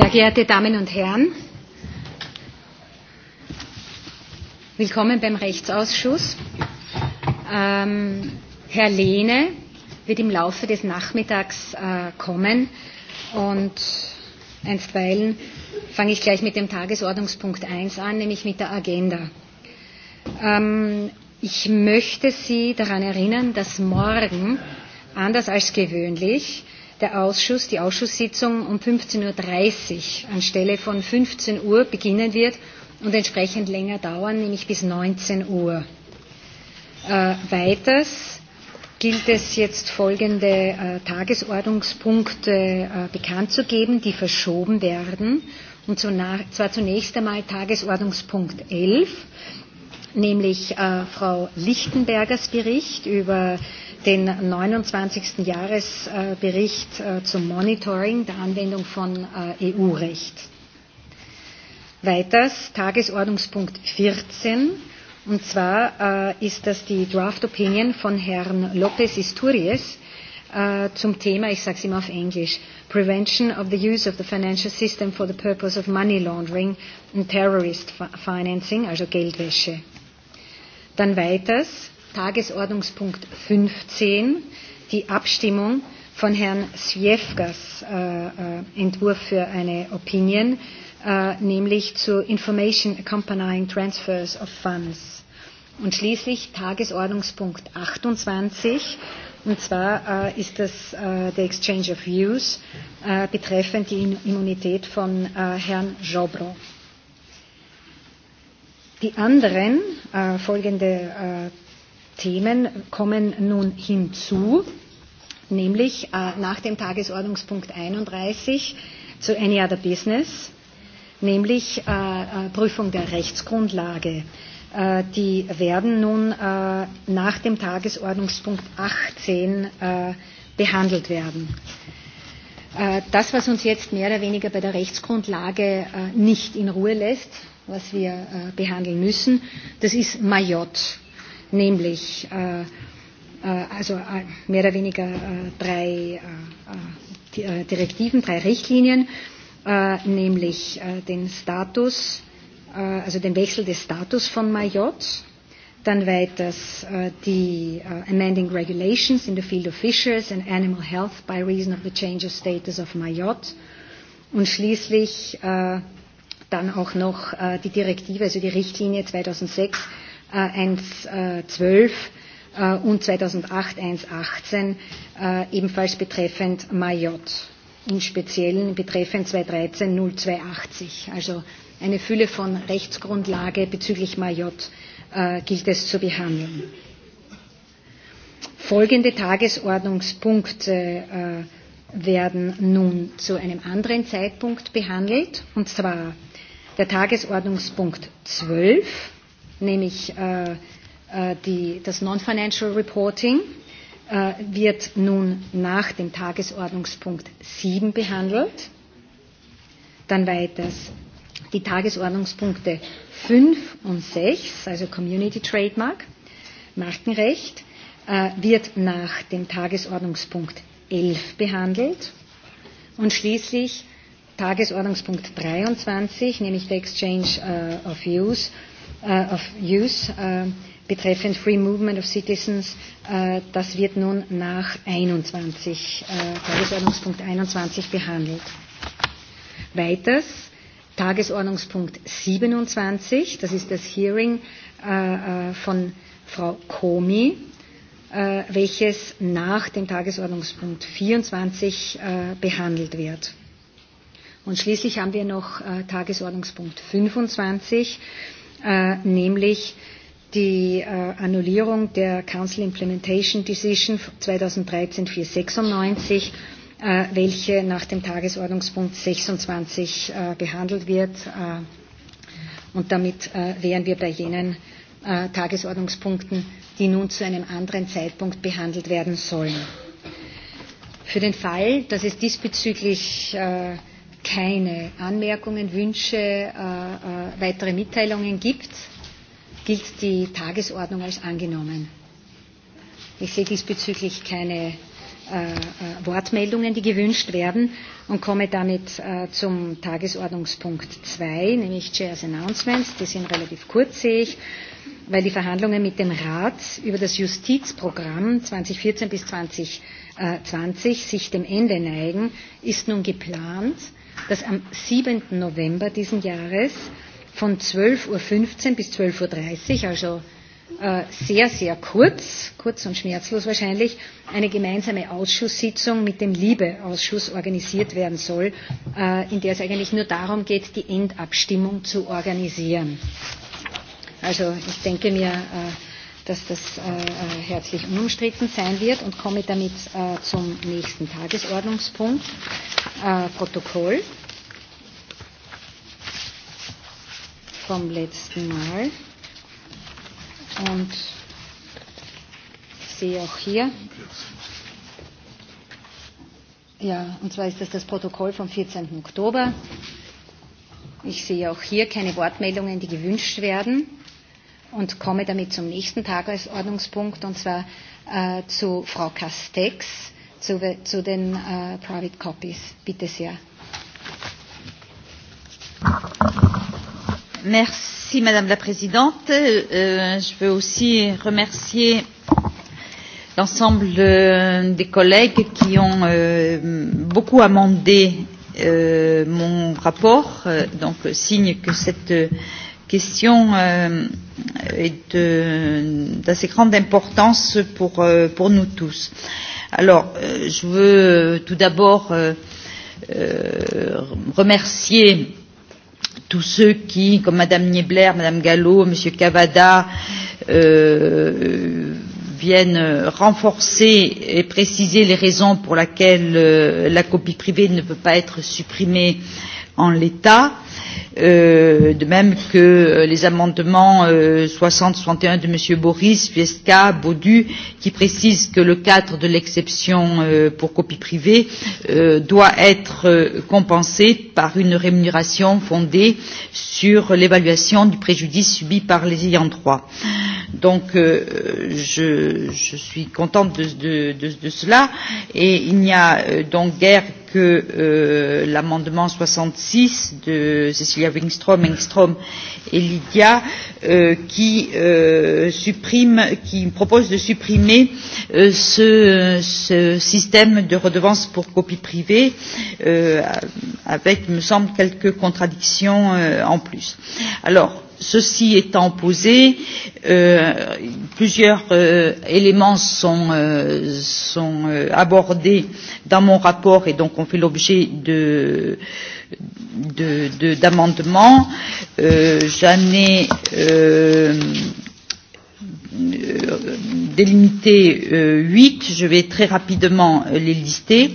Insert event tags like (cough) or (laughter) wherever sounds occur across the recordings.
Sehr geehrte Damen und Herren, willkommen beim Rechtsausschuss. Ähm, Herr Lehne wird im Laufe des Nachmittags äh, kommen und einstweilen fange ich gleich mit dem Tagesordnungspunkt 1 an, nämlich mit der Agenda. Ähm, ich möchte Sie daran erinnern, dass morgen, anders als gewöhnlich, der Ausschuss, die Ausschusssitzung um 15.30 Uhr anstelle von 15 Uhr beginnen wird und entsprechend länger dauern, nämlich bis 19 Uhr. Äh, weiters gilt es jetzt folgende äh, Tagesordnungspunkte äh, bekannt zu geben, die verschoben werden. Und zwar zunächst einmal Tagesordnungspunkt 11, nämlich äh, Frau Lichtenbergers Bericht über den 29. Jahresbericht äh, zum Monitoring der Anwendung von äh, EU-Recht. Weiters Tagesordnungspunkt 14, und zwar äh, ist das die Draft Opinion von Herrn López Isturiz zum Thema, ich sage es immer auf Englisch, Prevention of the Use of the Financial System for the Purpose of Money Laundering and Terrorist Financing, also Geldwäsche. Dann weiters Tagesordnungspunkt 15 die Abstimmung von Herrn Sjefkas äh, äh, Entwurf für eine Opinion, äh, nämlich zu Information Accompanying Transfers of Funds. Und schließlich Tagesordnungspunkt 28, und zwar äh, ist das äh, der Exchange of Views äh, betreffend die Immunität von äh, Herrn Jobro. Die anderen äh, folgende äh, Themen kommen nun hinzu, nämlich äh, nach dem Tagesordnungspunkt 31 zu Any Other Business, nämlich äh, äh, Prüfung der Rechtsgrundlage. Äh, die werden nun äh, nach dem Tagesordnungspunkt 18 äh, behandelt werden. Äh, das, was uns jetzt mehr oder weniger bei der Rechtsgrundlage äh, nicht in Ruhe lässt, was wir äh, behandeln müssen, das ist Mayotte nämlich äh, äh, also äh, mehr oder weniger äh, drei äh, äh, äh, Direktiven, drei Richtlinien, äh, nämlich äh, den Status, äh, also den Wechsel des Status von Mayotte, dann weiters äh, die äh, Amending Regulations in the Field of Fisheries and Animal Health by reason of the change of status of Mayotte und schließlich äh, dann auch noch äh, die Direktive, also die Richtlinie 2006 112 äh, äh, und 2008 118 äh, ebenfalls betreffend Majot, im Speziellen betreffend 213 0280. Also eine Fülle von Rechtsgrundlage bezüglich Majot äh, gilt es zu behandeln. Folgende Tagesordnungspunkte äh, werden nun zu einem anderen Zeitpunkt behandelt, und zwar der Tagesordnungspunkt 12, nämlich äh, äh, die, das Non-Financial Reporting äh, wird nun nach dem Tagesordnungspunkt 7 behandelt. Dann weiters die Tagesordnungspunkte 5 und 6, also Community Trademark, Markenrecht, äh, wird nach dem Tagesordnungspunkt 11 behandelt. Und schließlich Tagesordnungspunkt 23, nämlich der Exchange äh, of Views äh, of Use äh, betreffend Free Movement of Citizens, äh, das wird nun nach 21, äh, Tagesordnungspunkt 21 behandelt. Weiters Tagesordnungspunkt 27, das ist das Hearing äh, äh, von Frau Komi, äh, welches nach dem Tagesordnungspunkt 24 äh, behandelt wird. Und schließlich haben wir noch äh, Tagesordnungspunkt 25, äh, nämlich die äh, Annullierung der Council Implementation Decision 2013-496, äh, welche nach dem Tagesordnungspunkt 26 äh, behandelt wird. Äh, und damit äh, wären wir bei jenen äh, Tagesordnungspunkten, die nun zu einem anderen Zeitpunkt behandelt werden sollen. Für den Fall, dass es diesbezüglich äh, keine Anmerkungen, Wünsche, äh, äh, weitere Mitteilungen gibt, gilt die Tagesordnung als angenommen. Ich sehe diesbezüglich keine äh, äh Wortmeldungen, die gewünscht werden und komme damit äh, zum Tagesordnungspunkt 2, nämlich Chairs Announcements. Die sind relativ kurz, sehe ich, weil die Verhandlungen mit dem Rat über das Justizprogramm 2014 bis 2020 äh, sich dem Ende neigen, ist nun geplant. Äh, dass am 7. November diesen Jahres von 12.15 Uhr bis 12.30 Uhr, also äh, sehr, sehr kurz, kurz und schmerzlos wahrscheinlich, eine gemeinsame Ausschusssitzung mit dem Liebe-Ausschuss organisiert werden soll, äh, in der es eigentlich nur darum geht, die Endabstimmung zu organisieren. Also ich denke mir, äh, dass das äh, äh herzlich unumstritten sein wird und komme damit äh, zum nächsten Tagesordnungspunkt, äh, Protokoll. vom letzten Mal. Und ich sehe auch hier. Ja, und zwar ist das das Protokoll vom 14. Oktober. Ich sehe auch hier keine Wortmeldungen, die gewünscht werden und komme damit zum nächsten Tagesordnungspunkt, und zwar äh, zu Frau Castex, zu, zu den äh, Private Copies. Bitte sehr. Thank you. Merci Madame la Présidente. Euh, euh, je veux aussi remercier l'ensemble euh, des collègues qui ont euh, beaucoup amendé euh, mon rapport, euh, donc signe que cette euh, question euh, est euh, d'assez grande importance pour, euh, pour nous tous. Alors, euh, je veux tout d'abord euh, euh, remercier tous ceux qui, comme Madame Niebler, Madame Gallo, Monsieur Cavada, euh, viennent renforcer et préciser les raisons pour lesquelles euh, la copie privée ne peut pas être supprimée en l'état. Euh, euh, de même que euh, les amendements euh, 60-61 de M. Boris, Fiesca, Baudu, qui précisent que le cadre de l'exception euh, pour copie privée euh, doit être euh, compensé par une rémunération fondée sur l'évaluation du préjudice subi par les ayants droit. Donc, euh, je, je suis contente de, de, de, de cela et il n'y a euh, donc guère que euh, l'amendement 66 de Cecilia Wingstrom, Engstrom et Lydia euh, qui, euh, supprime, qui propose de supprimer euh, ce, ce système de redevance pour copie privée euh, avec, il me semble, quelques contradictions euh, en plus. Alors, Ceci étant posé, euh, plusieurs euh, éléments sont, euh, sont euh, abordés dans mon rapport et donc ont fait l'objet de d'amendements. Euh, J'en ai euh, délimité euh, huit. Je vais très rapidement les lister.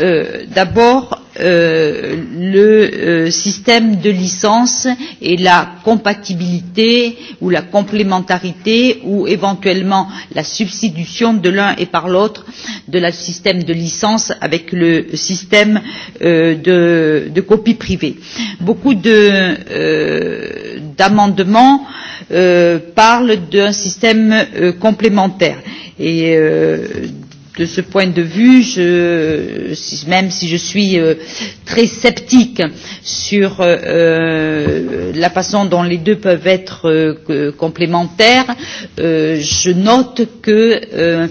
Euh, D'abord, euh, le euh, système de licence et la compatibilité ou la complémentarité ou éventuellement la substitution de l'un et par l'autre de la système de licence avec le système euh, de, de copie privée. Beaucoup euh, d'amendements euh, euh, parlent d'un système euh, complémentaire et euh, de ce point de vue, je, même si je suis euh, très sceptique sur euh, euh la façon dont les deux peuvent être euh, complémentaires, euh, je note que euh,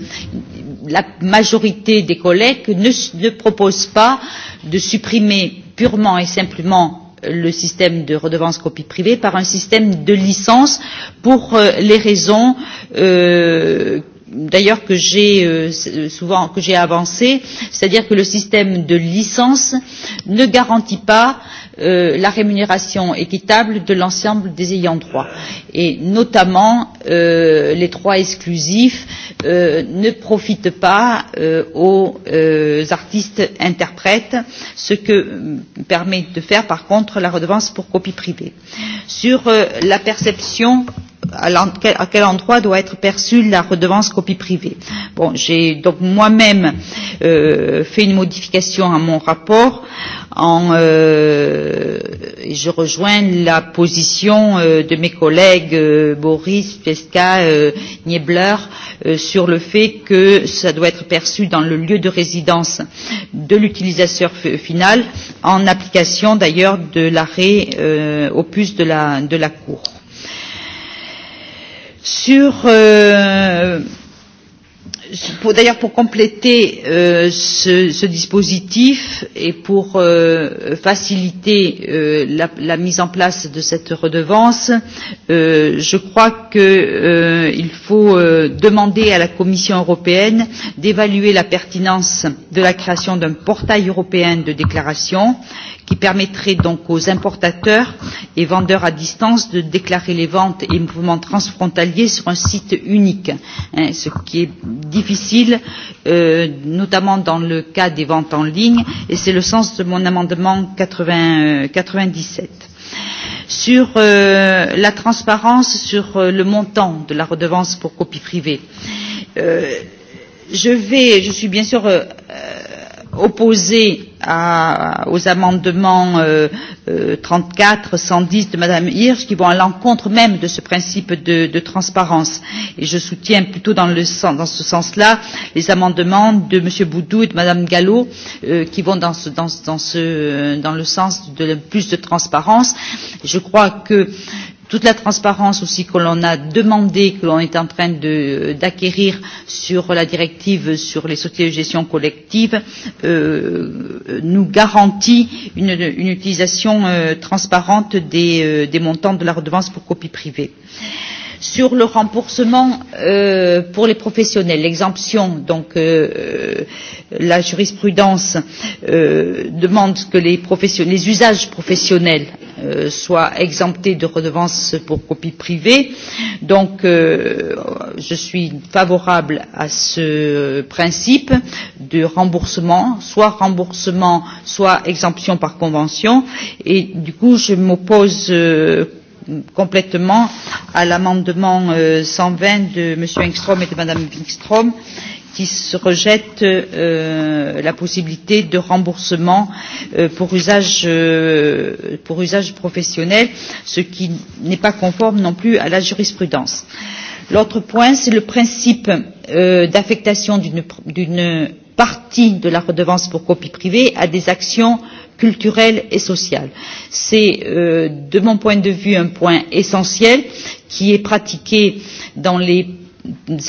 la majorité des collègues ne, ne propose pas de supprimer purement et simplement le système de redevance copie privée par un système de licence pour euh, les raisons euh, d'ailleurs que j'ai euh, souvent que j'ai avancé, c'est-à-dire que le système de licence ne garantit pas euh, la rémunération équitable de l'ensemble des ayants droit et notamment euh, les droits exclusifs euh, ne profitent pas euh, aux euh, artistes interprètes, ce que euh, permet de faire par contre la redevance pour copie privée. Sur euh, la perception euh, à, à quel endroit doit être perçue la redevance copie privée. Bon, j'ai donc moi-même euh, fait une modification à mon rapport en, euh, je rejoins la position euh, de mes collègues euh, Boris, Pesca, euh, Niebler euh, sur le fait que ça doit être perçu dans le lieu de résidence de l'utilisateur final en application d'ailleurs de l'arrêt euh, opus de la, de la Cour. Sur, euh, pour, d'ailleurs, pour compléter euh, ce, ce dispositif et pour euh, faciliter euh, la, la mise en place de cette redevance, euh, je crois qu'il euh, il faut euh, demander à la Commission européenne d'évaluer la pertinence de la création d'un portail européen de déclaration qui permettrait donc aux importateurs et vendeurs à distance de déclarer les ventes et mouvements transfrontaliers sur un site unique, hein, ce qui est difficile, euh, notamment dans le cas des ventes en ligne, et c'est le sens de mon amendement 80, euh, 97 sur euh, la transparence sur euh, le montant de la redevance pour copie privée. Euh, je, vais, je suis bien sûr euh, opposé à, aux amendements euh, euh, 34, 110 de Madame Hirsch qui vont à l'encontre même de ce principe de, de transparence. Et je soutiens plutôt dans, le sens, dans ce sens-là les amendements de Monsieur Boudou et de Madame Gallo euh, qui vont dans, ce, dans, dans, ce, dans le sens de plus de transparence. Je crois que toute la transparence aussi que l'on a demandé, que l'on est en train euh, d'acquérir sur la directive sur les sociétés de gestion collective, euh, nous garantit une, une utilisation euh, transparente des, euh, des montants de la redevance pour copie privée. Euh, sur le remboursement euh, pour les professionnels, l'exemption. Donc, euh, euh la jurisprudence euh, demande que les, les usages professionnels euh, soient exemptés de redevances pour copie privée. Donc, euh, je suis favorable à ce principe de remboursement, soit remboursement, soit exemption par convention. Et du coup, je m'oppose. Euh, complètement à l'amendement euh, 120 de M. Engstrom et de Mme Wikström qui se rejette euh, la possibilité de remboursement euh, pour, usage, euh, pour usage professionnel, ce qui n'est pas conforme non plus à la jurisprudence. L'autre point, c'est le principe euh, d'affectation d'une partie de la redevance pour copie privée à des actions euh, culturelle et sociale. C'est, euh, de mon point de vue, un point essentiel qui est pratiqué dans les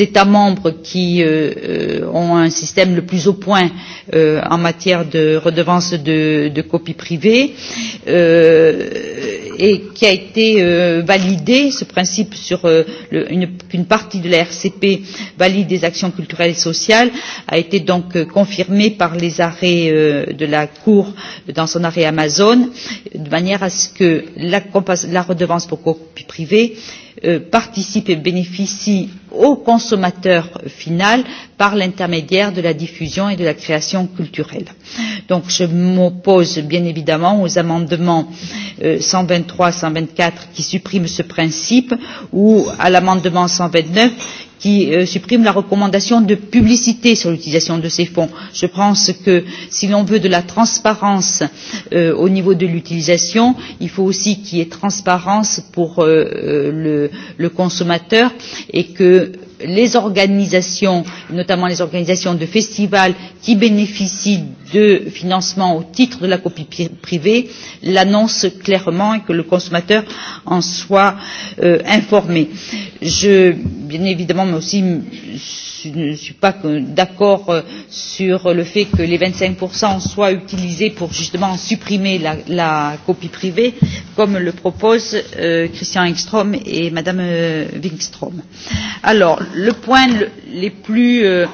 États membres qui euh, euh, ont un système le plus au point euh, en matière de redevance de, de copie privée euh, et qui a été euh, validé ce principe sur euh, le, une, une partie de la RCP valide des actions culturelles et sociales a été donc euh, confirmé par les arrêts euh, de la Cour dans son arrêt Amazon de manière à ce que la, la redevance pour copie privée euh, euh, participent et bénéficient au consommateur final par l'intermédiaire de la diffusion et de la création culturelle. Donc je m'oppose bien évidemment aux amendements euh, 123 124 qui suppriment ce principe ou à l'amendement 129 qui euh, supprime la recommandation de publicité sur l'utilisation de ces fonds. Je pense que si l'on veut de la transparence euh, au niveau de l'utilisation, il faut aussi qu'il y ait transparence pour euh, euh le, le consommateur et que les organisations, notamment les organisations de festivals qui bénéficient de financement au titre de la copie privée, l'annoncent clairement et que le consommateur en soit euh, informé. Je bien évidemment mais aussi je ne suis pas d'accord euh, sur le fait que les vingt cinq soient utilisés pour justement supprimer la, la copie privée comme le proposent euh, christian engstrm et mme euh, wikstrm. alors le point le, les plus euh,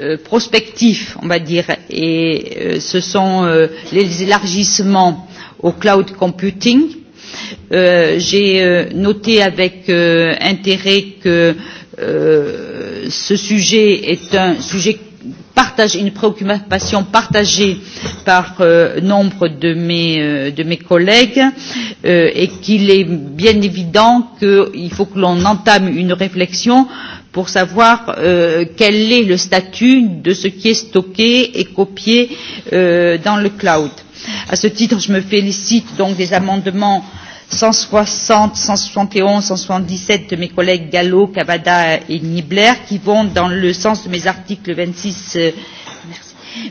euh, prospectifs on va dire et euh, ce sont les élargissements au cloud computing Euh, J'ai euh, noté avec euh, intérêt que euh, ce sujet est un sujet partage, une préoccupation partagée par euh, nombre de mes, euh, de mes collègues euh, et qu'il est bien évident qu'il faut que l'on entame une réflexion pour savoir euh, quel est le statut de ce qui est stocké et copié euh, dans le cloud. À ce titre, je me félicite donc des amendements euh, 160, 171, 177 de mes collègues Gallo, Cavada et Nibler qui vont dans le sens de mes articles 26, euh,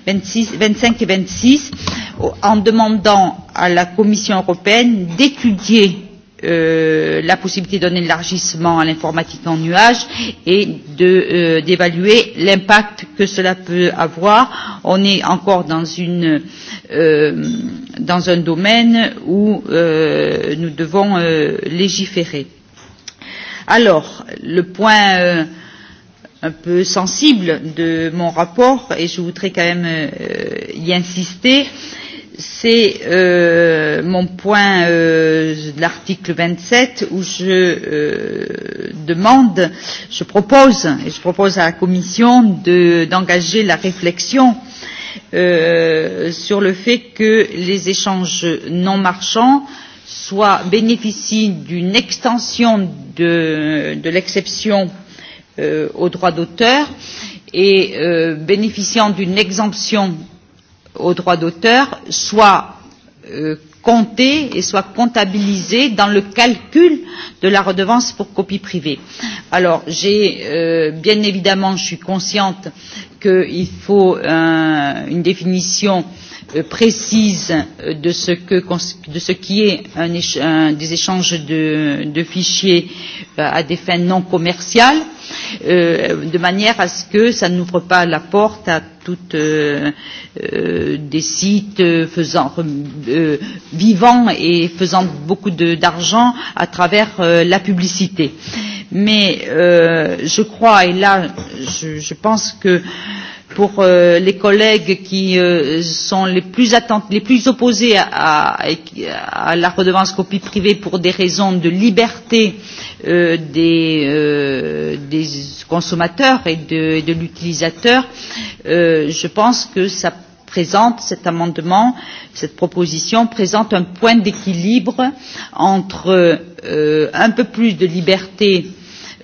26, 25 et 26 en demandant à la Commission européenne d'étudier euh, la possibilité d'un élargissement à l'informatique en nuage et euh, d'évaluer euh, l'impact que cela peut avoir. On est encore dans, une, euh, dans un domaine où euh, nous devons euh, légiférer. Alors, le point euh, un peu sensible de mon rapport, et je voudrais quand même euh, y insister, euh, c'est euh, mon point euh, de l'article 27 où je euh, demande, je propose, et je propose à la Commission d'engager de, la réflexion euh, sur le fait que les échanges non marchands soit bénéficie d'une extension de, de l'exception euh, au droit d'auteur et euh, bénéficiant d'une exemption aux droits d'auteur soient euh, comptés et soient comptabilisés dans le calcul de la redevance pour copie privée. Alors, j'ai euh, bien évidemment, je suis consciente qu'il faut un, une définition euh, précise euh, de ce, que, de ce qui est un, un, des échanges de, de fichiers euh, à des fins non commerciales euh, de manière à ce que ça n'ouvre pas la porte à toutes euh, euh, des sites faisant euh, vivants et faisant beaucoup d'argent à travers euh, la publicité. Mais euh, je crois, et là je, je pense que euh, pour euh, les collègues qui euh, sont les plus, les plus opposés à, à, à la redevance copie privée pour des raisons de liberté euh, des, euh, des consommateurs et de, de l'utilisateur, euh, je pense que ça présente cet amendement, cette proposition présente un point d'équilibre entre euh, un peu plus de liberté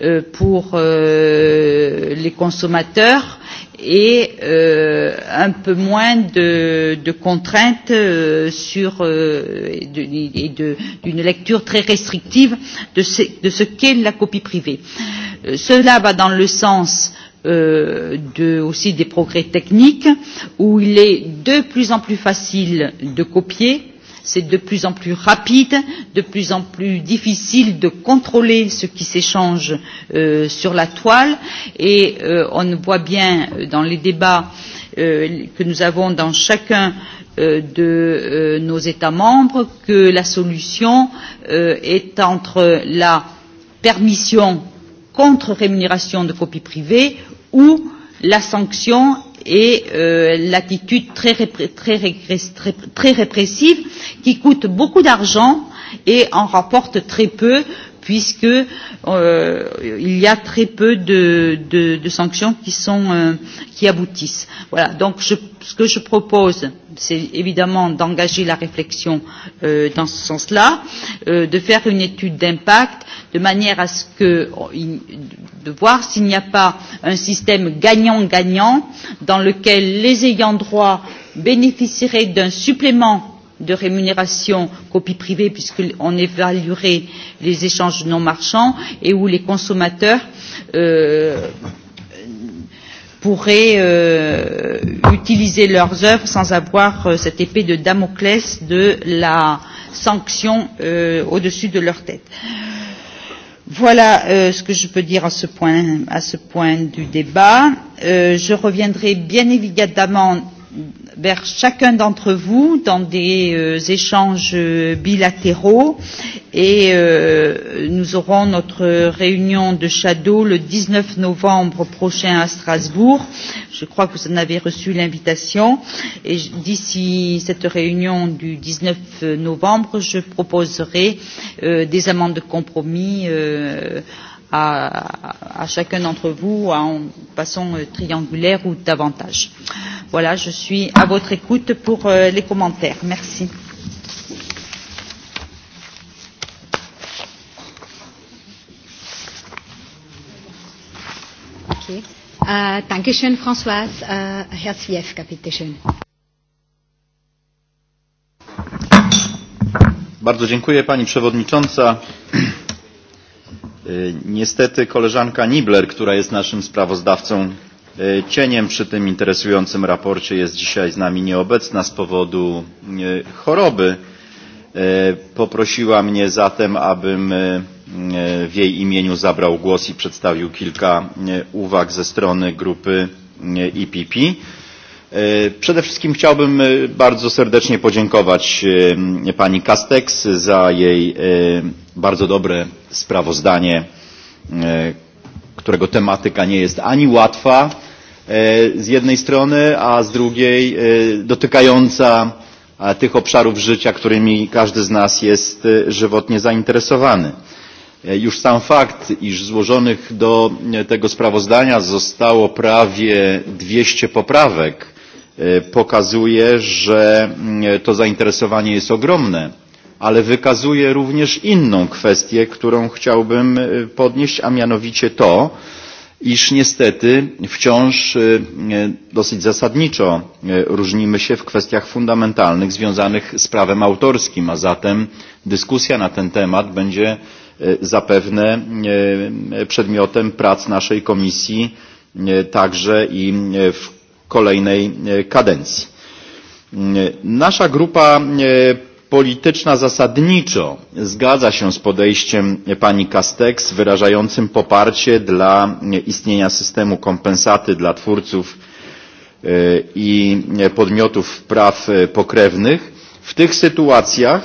euh, pour euh, les consommateurs et euh, un peu moins de, de contraintes euh, sur, euh, et d'une lecture très restrictive de ce, de ce qu'est la copie privée. Euh, cela va dans le sens euh, de, aussi des progrès techniques où il est de plus en plus facile de copier C'est de plus en plus rapide, de plus en plus difficile de contrôler ce qui s'échange euh, sur la toile et euh, on voit bien euh, dans les débats euh, que nous avons dans chacun euh, de euh, nos États membres que la solution euh, est entre la permission contre rémunération de copie privée ou la sanction et euh, l'attitude très, répré très, répré très, très répressive qui coûte beaucoup d'argent et en rapporte très peu puisque euh, il y a très peu de, de, de sanctions qui, sont, euh, qui aboutissent. Voilà. Donc je ce que je propose, c'est évidemment d'engager la réflexion euh, dans ce sens-là, euh, de faire une étude d'impact, de manière à ce que, oh, de voir s'il n'y a pas un système gagnant-gagnant dans lequel les ayants droit bénéficieraient d'un supplément de rémunération copie privée puisqu'on évaluerait les échanges non marchands et où les consommateurs euh, pourraient euh, utiliser leurs œuvres sans avoir euh, cette épée de Damoclès de la sanction euh, au-dessus de leur tête. Voilà euh, ce que je peux dire à ce point, à ce point du débat. Euh, je reviendrai bien évidemment vers chacun d'entre vous dans des euh, échanges bilatéraux et euh, nous aurons notre réunion de shadow le 19 novembre prochain à Strasbourg. Je crois que vous en avez reçu l'invitation et d'ici cette réunion du 19 novembre, je proposerai euh, des amendes de compromis euh, à, à chacun d'entre vous en façon euh, triangulaire ou davantage. Voilà, je suis à votre écoute pour euh, les commentaires. Merci. Okay. Uh, Dankeschön, Françoise. Uh, Herr Zwiefka, bitteschön. Bardzo dziękuję Pani Przewodnicząca. E, niestety koleżanka Nibler, która jest naszym sprawozdawcą e, cieniem przy tym interesującym raporcie jest dzisiaj z nami nieobecna z powodu e, choroby. Poprosiła mnie zatem, abym w jej imieniu zabrał głos i przedstawił kilka uwag ze strony grupy EPP. E, przede wszystkim chciałbym e, bardzo serdecznie podziękować e, pani Castex za jej bardzo dobre sprawozdanie, którego tematyka nie jest ani łatwa z jednej strony, a z drugiej dotykająca tych obszarów życia, którymi każdy z nas jest żywotnie zainteresowany. Już sam fakt, iż złożonych do tego sprawozdania zostało prawie 200 poprawek, E, pokazuje, że mm, e, to zainteresowanie jest ogromne, ale wykazuje również inną kwestię, którą chciałbym e, podnieść, a mianowicie to, iż niestety wciąż dosyć zasadniczo różnimy się w kwestiach fundamentalnych związanych z prawem autorskim, a zatem dyskusja na ten temat będzie zapewne przedmiotem prac naszej komisji także i w kolejnej e, kadencji. E, nasza grupa e, polityczna zasadniczo zgadza się z podejściem pani Castex wyrażającym poparcie dla istnienia systemu kompensaty dla twórców i podmiotów praw pokrewnych w tych sytuacjach,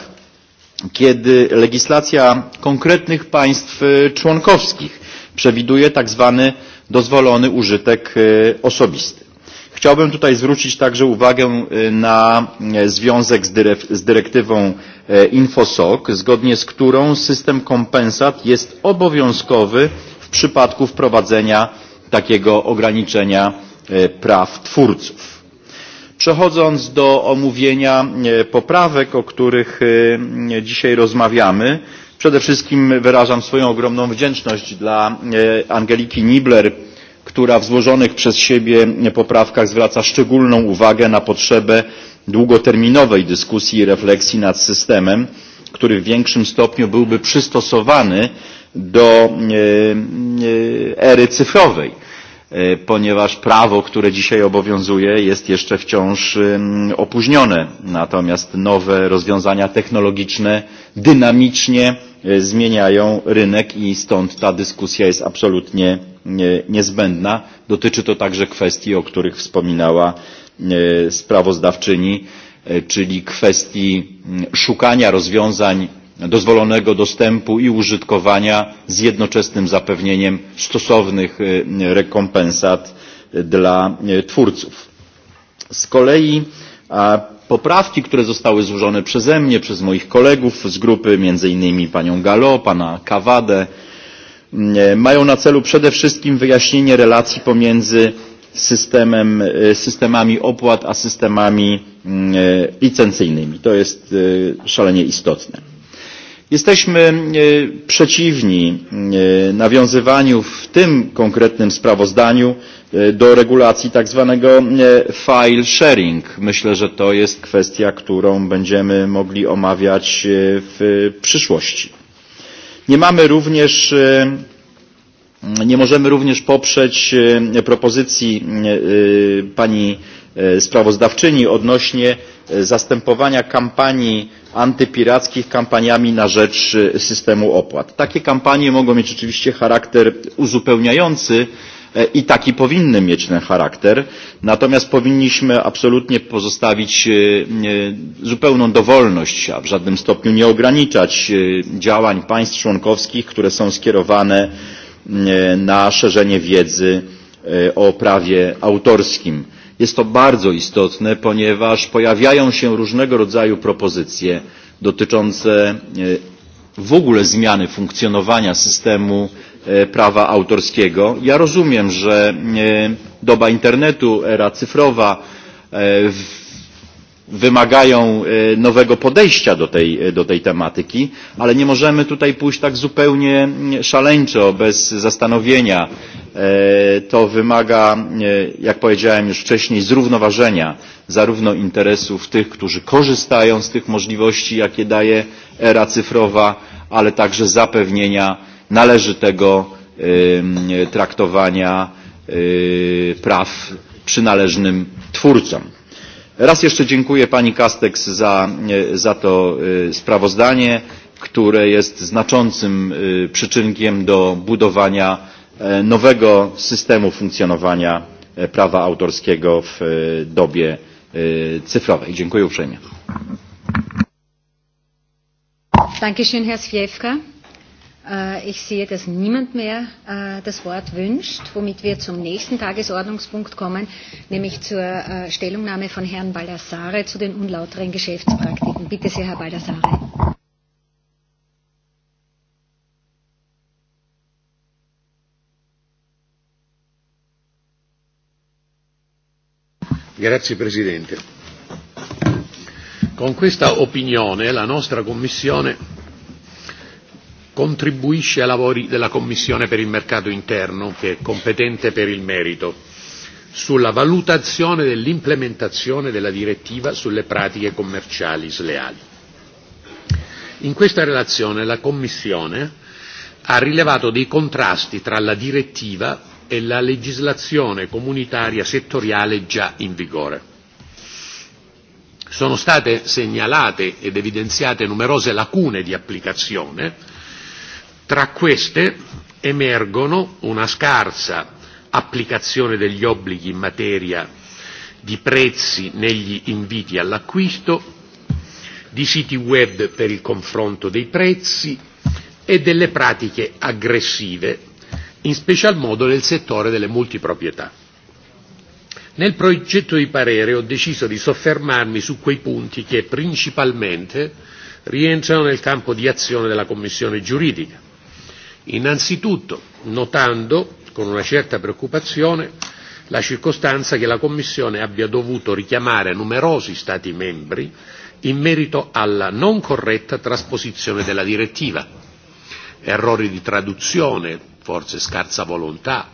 kiedy legislacja konkretnych państw członkowskich przewiduje tak zwany dozwolony użytek osobisty. Chciałbym tutaj zwrócić także uwagę na związek z, dyrew, z dyrektywą InfoSoc, zgodnie z którą system kompensat jest obowiązkowy w przypadku wprowadzenia takiego ograniczenia praw twórców. Przechodząc do omówienia poprawek, o których dzisiaj rozmawiamy, przede wszystkim wyrażam swoją ogromną wdzięczność dla Angeliki Nibler która w złożonych przez siebie poprawkach zwraca szczególną uwagę na potrzebę długoterminowej dyskusji i refleksji nad systemem który w większym stopniu byłby przystosowany do e, e, ery cyfrowej e, ponieważ prawo które dzisiaj obowiązuje jest jeszcze wciąż opóźnione natomiast nowe rozwiązania technologiczne dynamicznie zmieniają rynek i stąd ta dyskusja jest absolutnie niezbędna. Dotyczy to także kwestii, o których wspominała e, sprawozdawczyni, e, czyli kwestii szukania rozwiązań dozwolonego dostępu i użytkowania z jednoczesnym zapewnieniem stosownych e, rekompensat dla twórców. Z kolei poprawki, które zostały złożone przeze mnie, przez moich kolegów z grupy, między innymi panią Galo, pana Kawadę, E, mają na celu przede wszystkim wyjaśnienie relacji pomiędzy systemem, e, systemami opłat a systemami mm, e, licencyjnymi. To jest szalenie istotne. Jesteśmy przeciwni nawiązywaniu w tym konkretnym sprawozdaniu do regulacji tak zwanego file sharing. Myślę, że to jest kwestia, którą będziemy mogli omawiać w przyszłości Nie mamy również e, nie możemy również poprzeć e, propozycji e, pani sprawozdawczyni odnośnie zastępowania kampanii antypirackich kampaniami na rzecz systemu opłat. Takie kampanie mogą mieć oczywiście charakter uzupełniający, E, i taki powinny mieć ten charakter. Natomiast powinniśmy absolutnie pozostawić e, zupełną dowolność, a w żadnym stopniu nie ograniczać e, działań państw członkowskich, które są skierowane na szerzenie wiedzy o prawie autorskim. Jest to bardzo istotne, ponieważ pojawiają się różnego rodzaju propozycje dotyczące w ogóle zmiany funkcjonowania systemu E, prawa autorskiego. Ja rozumiem, że e, doba internetu, era cyfrowa e, wymagają nowego podejścia do tej, do tej tematyki, ale nie możemy tutaj pójść tak zupełnie szaleńczo, bez zastanowienia. To wymaga, jak powiedziałem już wcześniej, zrównoważenia zarówno interesów tych, którzy korzystają z tych możliwości, jakie daje era cyfrowa, ale także zapewnienia należytego traktowania e, praw przynależnym twórcom. Raz jeszcze dziękuję pani Castex za, e, za to e, sprawozdanie, które jest znaczącym przyczynkiem do budowania nowego systemu funkcjonowania prawa autorskiego w dobie cyfrowej. Dziękuję uprzejmie. Dankeschön, Herr Zwiefka. Äh, ich sehe, dass niemand mehr äh, das Wort wünscht, womit wir zum nächsten Tagesordnungspunkt kommen, nämlich zur äh, Stellungnahme von Herrn Baldassare zu den unlauteren Geschäftspraktiken. Bitte sehr, Herr Baldassare. Grazie Presidente. Con questa opinione la nostra Commissione contribuisce ai lavori della Commissione per il mercato interno, che è competente per il merito, sulla valutazione dell'implementazione della direttiva sulle pratiche commerciali sleali. In questa relazione la Commissione ha rilevato dei contrasti tra la direttiva e la legislazione comunitaria settoriale già in vigore. Sono state segnalate ed evidenziate numerose lacune di applicazione Tra queste emergono una scarsa applicazione degli obblighi in materia di prezzi negli inviti all'acquisto, di siti web per il confronto dei prezzi e delle pratiche aggressive, in special modo nel settore delle multiproprietà. Nel progetto di parere ho deciso di soffermarmi su quei punti che principalmente rientrano nel campo di azione della Commissione giuridica innanzitutto notando con una certa preoccupazione la circostanza che la Commissione abbia dovuto richiamare numerosi Stati membri in merito alla non corretta trasposizione della direttiva, errori di traduzione, forse scarsa volontà,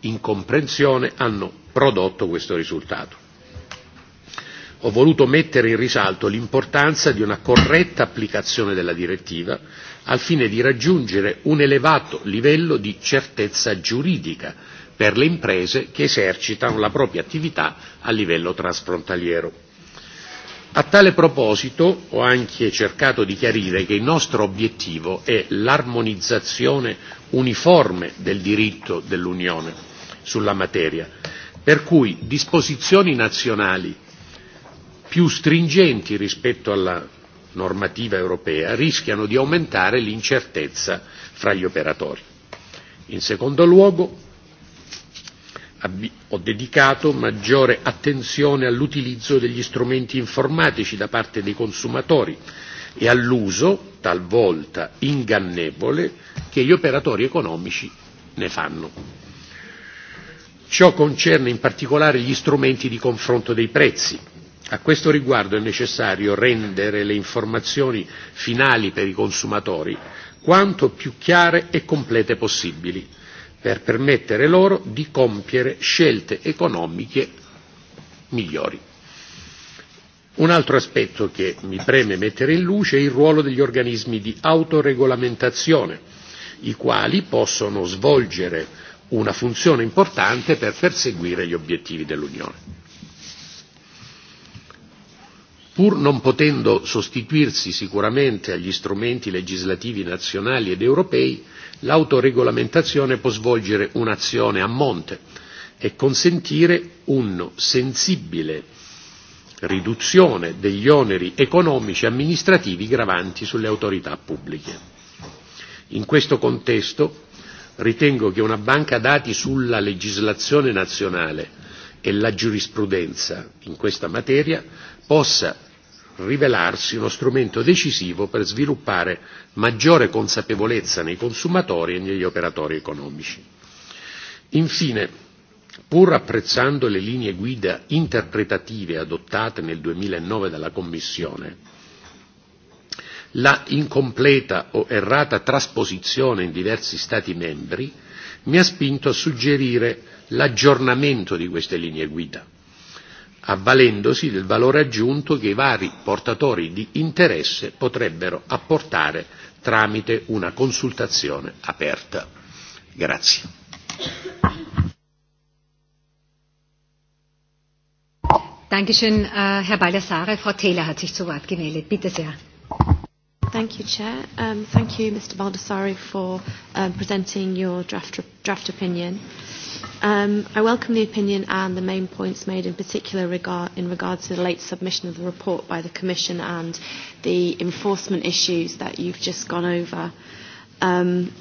incomprensione hanno prodotto questo risultato ho voluto mettere in risalto l'importanza di una corretta applicazione della direttiva al fine di raggiungere un elevato livello di certezza giuridica per le imprese che esercitano la propria attività a livello transfrontaliero. A tale proposito ho anche cercato di chiarire che il nostro obiettivo è l'armonizzazione uniforme del diritto dell'Unione sulla materia, per cui disposizioni nazionali più stringenti rispetto alla normativa europea rischiano di aumentare l'incertezza fra gli operatori. In secondo luogo ho dedicato maggiore attenzione all'utilizzo degli strumenti informatici da parte dei consumatori e all'uso, talvolta ingannevole, che gli operatori economici ne fanno. Ciò concerne in particolare gli strumenti di confronto dei prezzi, A questo riguardo è necessario rendere le informazioni finali per i consumatori quanto più chiare e complete possibili, per permettere loro di compiere scelte economiche migliori. Un altro aspetto che mi preme mettere in luce è il ruolo degli organismi di autoregolamentazione, i quali possono svolgere una funzione importante per perseguire gli obiettivi dell'Unione pur non potendo sostituirsi sicuramente agli strumenti legislativi nazionali ed europei, l'autoregolamentazione può svolgere un'azione a monte e consentire un sensibile riduzione degli oneri economici e amministrativi gravanti sulle autorità pubbliche. In questo contesto ritengo che una banca dati sulla legislazione nazionale e la giurisprudenza in questa materia possa rivelarsi uno strumento decisivo per sviluppare maggiore consapevolezza nei consumatori e negli operatori economici. Infine, pur apprezzando le linee guida interpretative adottate nel 2009 dalla Commissione, la incompleta o errata trasposizione in diversi Stati membri mi ha spinto a suggerire l'aggiornamento di queste linee guida avvalendosi del valore aggiunto che i vari portatori di interesse potrebbero apportare tramite una consultazione aperta. Grazie. Dankeschön, äh, Herr Baldassare. Frau Taylor hat sich zu Wort gemeldet. Bitte sehr. Thank you, Chair. Um, thank you, Mr. Baldassari, for um, presenting your draft, draft opinion. Um, I welcome the opinion and the main points made in particular regard, in regard to the late submission of the report by the Commission and the enforcement issues that you've just gone over. Um,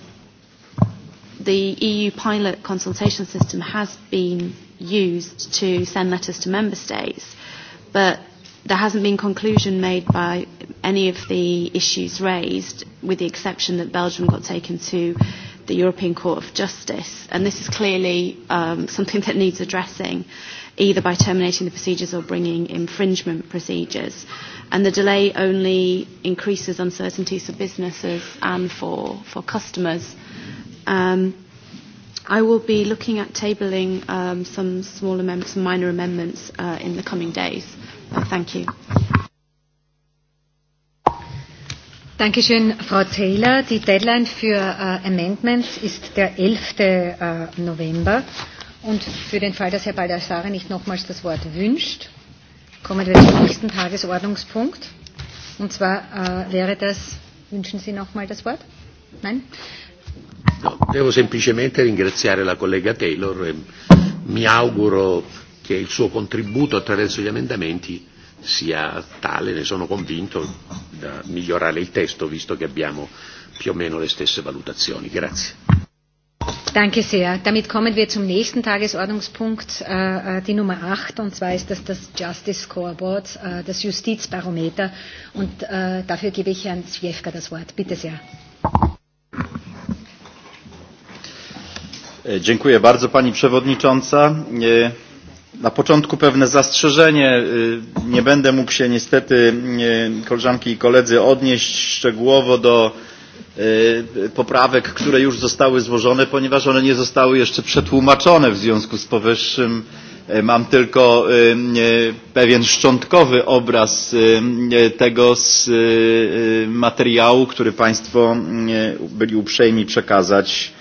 the EU pilot consultation system has been used to send letters to member states, but there hasn't been conclusion made by any of the issues raised, with the exception that Belgium got taken to the European Court of Justice. And this is clearly um, (laughs) something that needs addressing, either by terminating the procedures or bringing infringement procedures. And the delay only increases uncertainties for businesses and for, for customers. Um, I will be looking at tabling um, some small amendments, some minor amendments uh, in the coming days. Thank you. Dankeschön, Frau Taylor. Die Deadline für äh, Amendments ist der 11. Äh, November. Und für den Fall, dass Herr Baldassare nicht nochmals das Wort wünscht, kommen wir zum nächsten Tagesordnungspunkt. Und zwar äh, wäre das, wünschen Sie nochmal das Wort? Nein? No, devo semplicemente ringraziare la collega Taylor. E mi auguro che il suo contributo attraverso gli emendamenti sia tale, ne sono convinto, da migliorare il testo, visto che abbiamo più o meno le stesse valutazioni. Grazie. Danke sehr. Damit kommen wir zum nächsten Tagesordnungspunkt, äh, äh die Nummer 8, und zwar ist das das Justice Scoreboard, äh, das Justizbarometer. Und äh, dafür gebe ich Herrn Zwiefka das Wort. Bitte sehr. E, dziękuję bardzo Pani Przewodnicząca. E, Na początku pewne zastrzeżenie. Nie będę mógł się niestety, koleżanki i koledzy, odnieść szczegółowo do poprawek, które już zostały złożone, ponieważ one nie zostały jeszcze przetłumaczone. W związku z powyższym mam tylko pewien szczątkowy obraz tego z materiału, który Państwo byli uprzejmi przekazać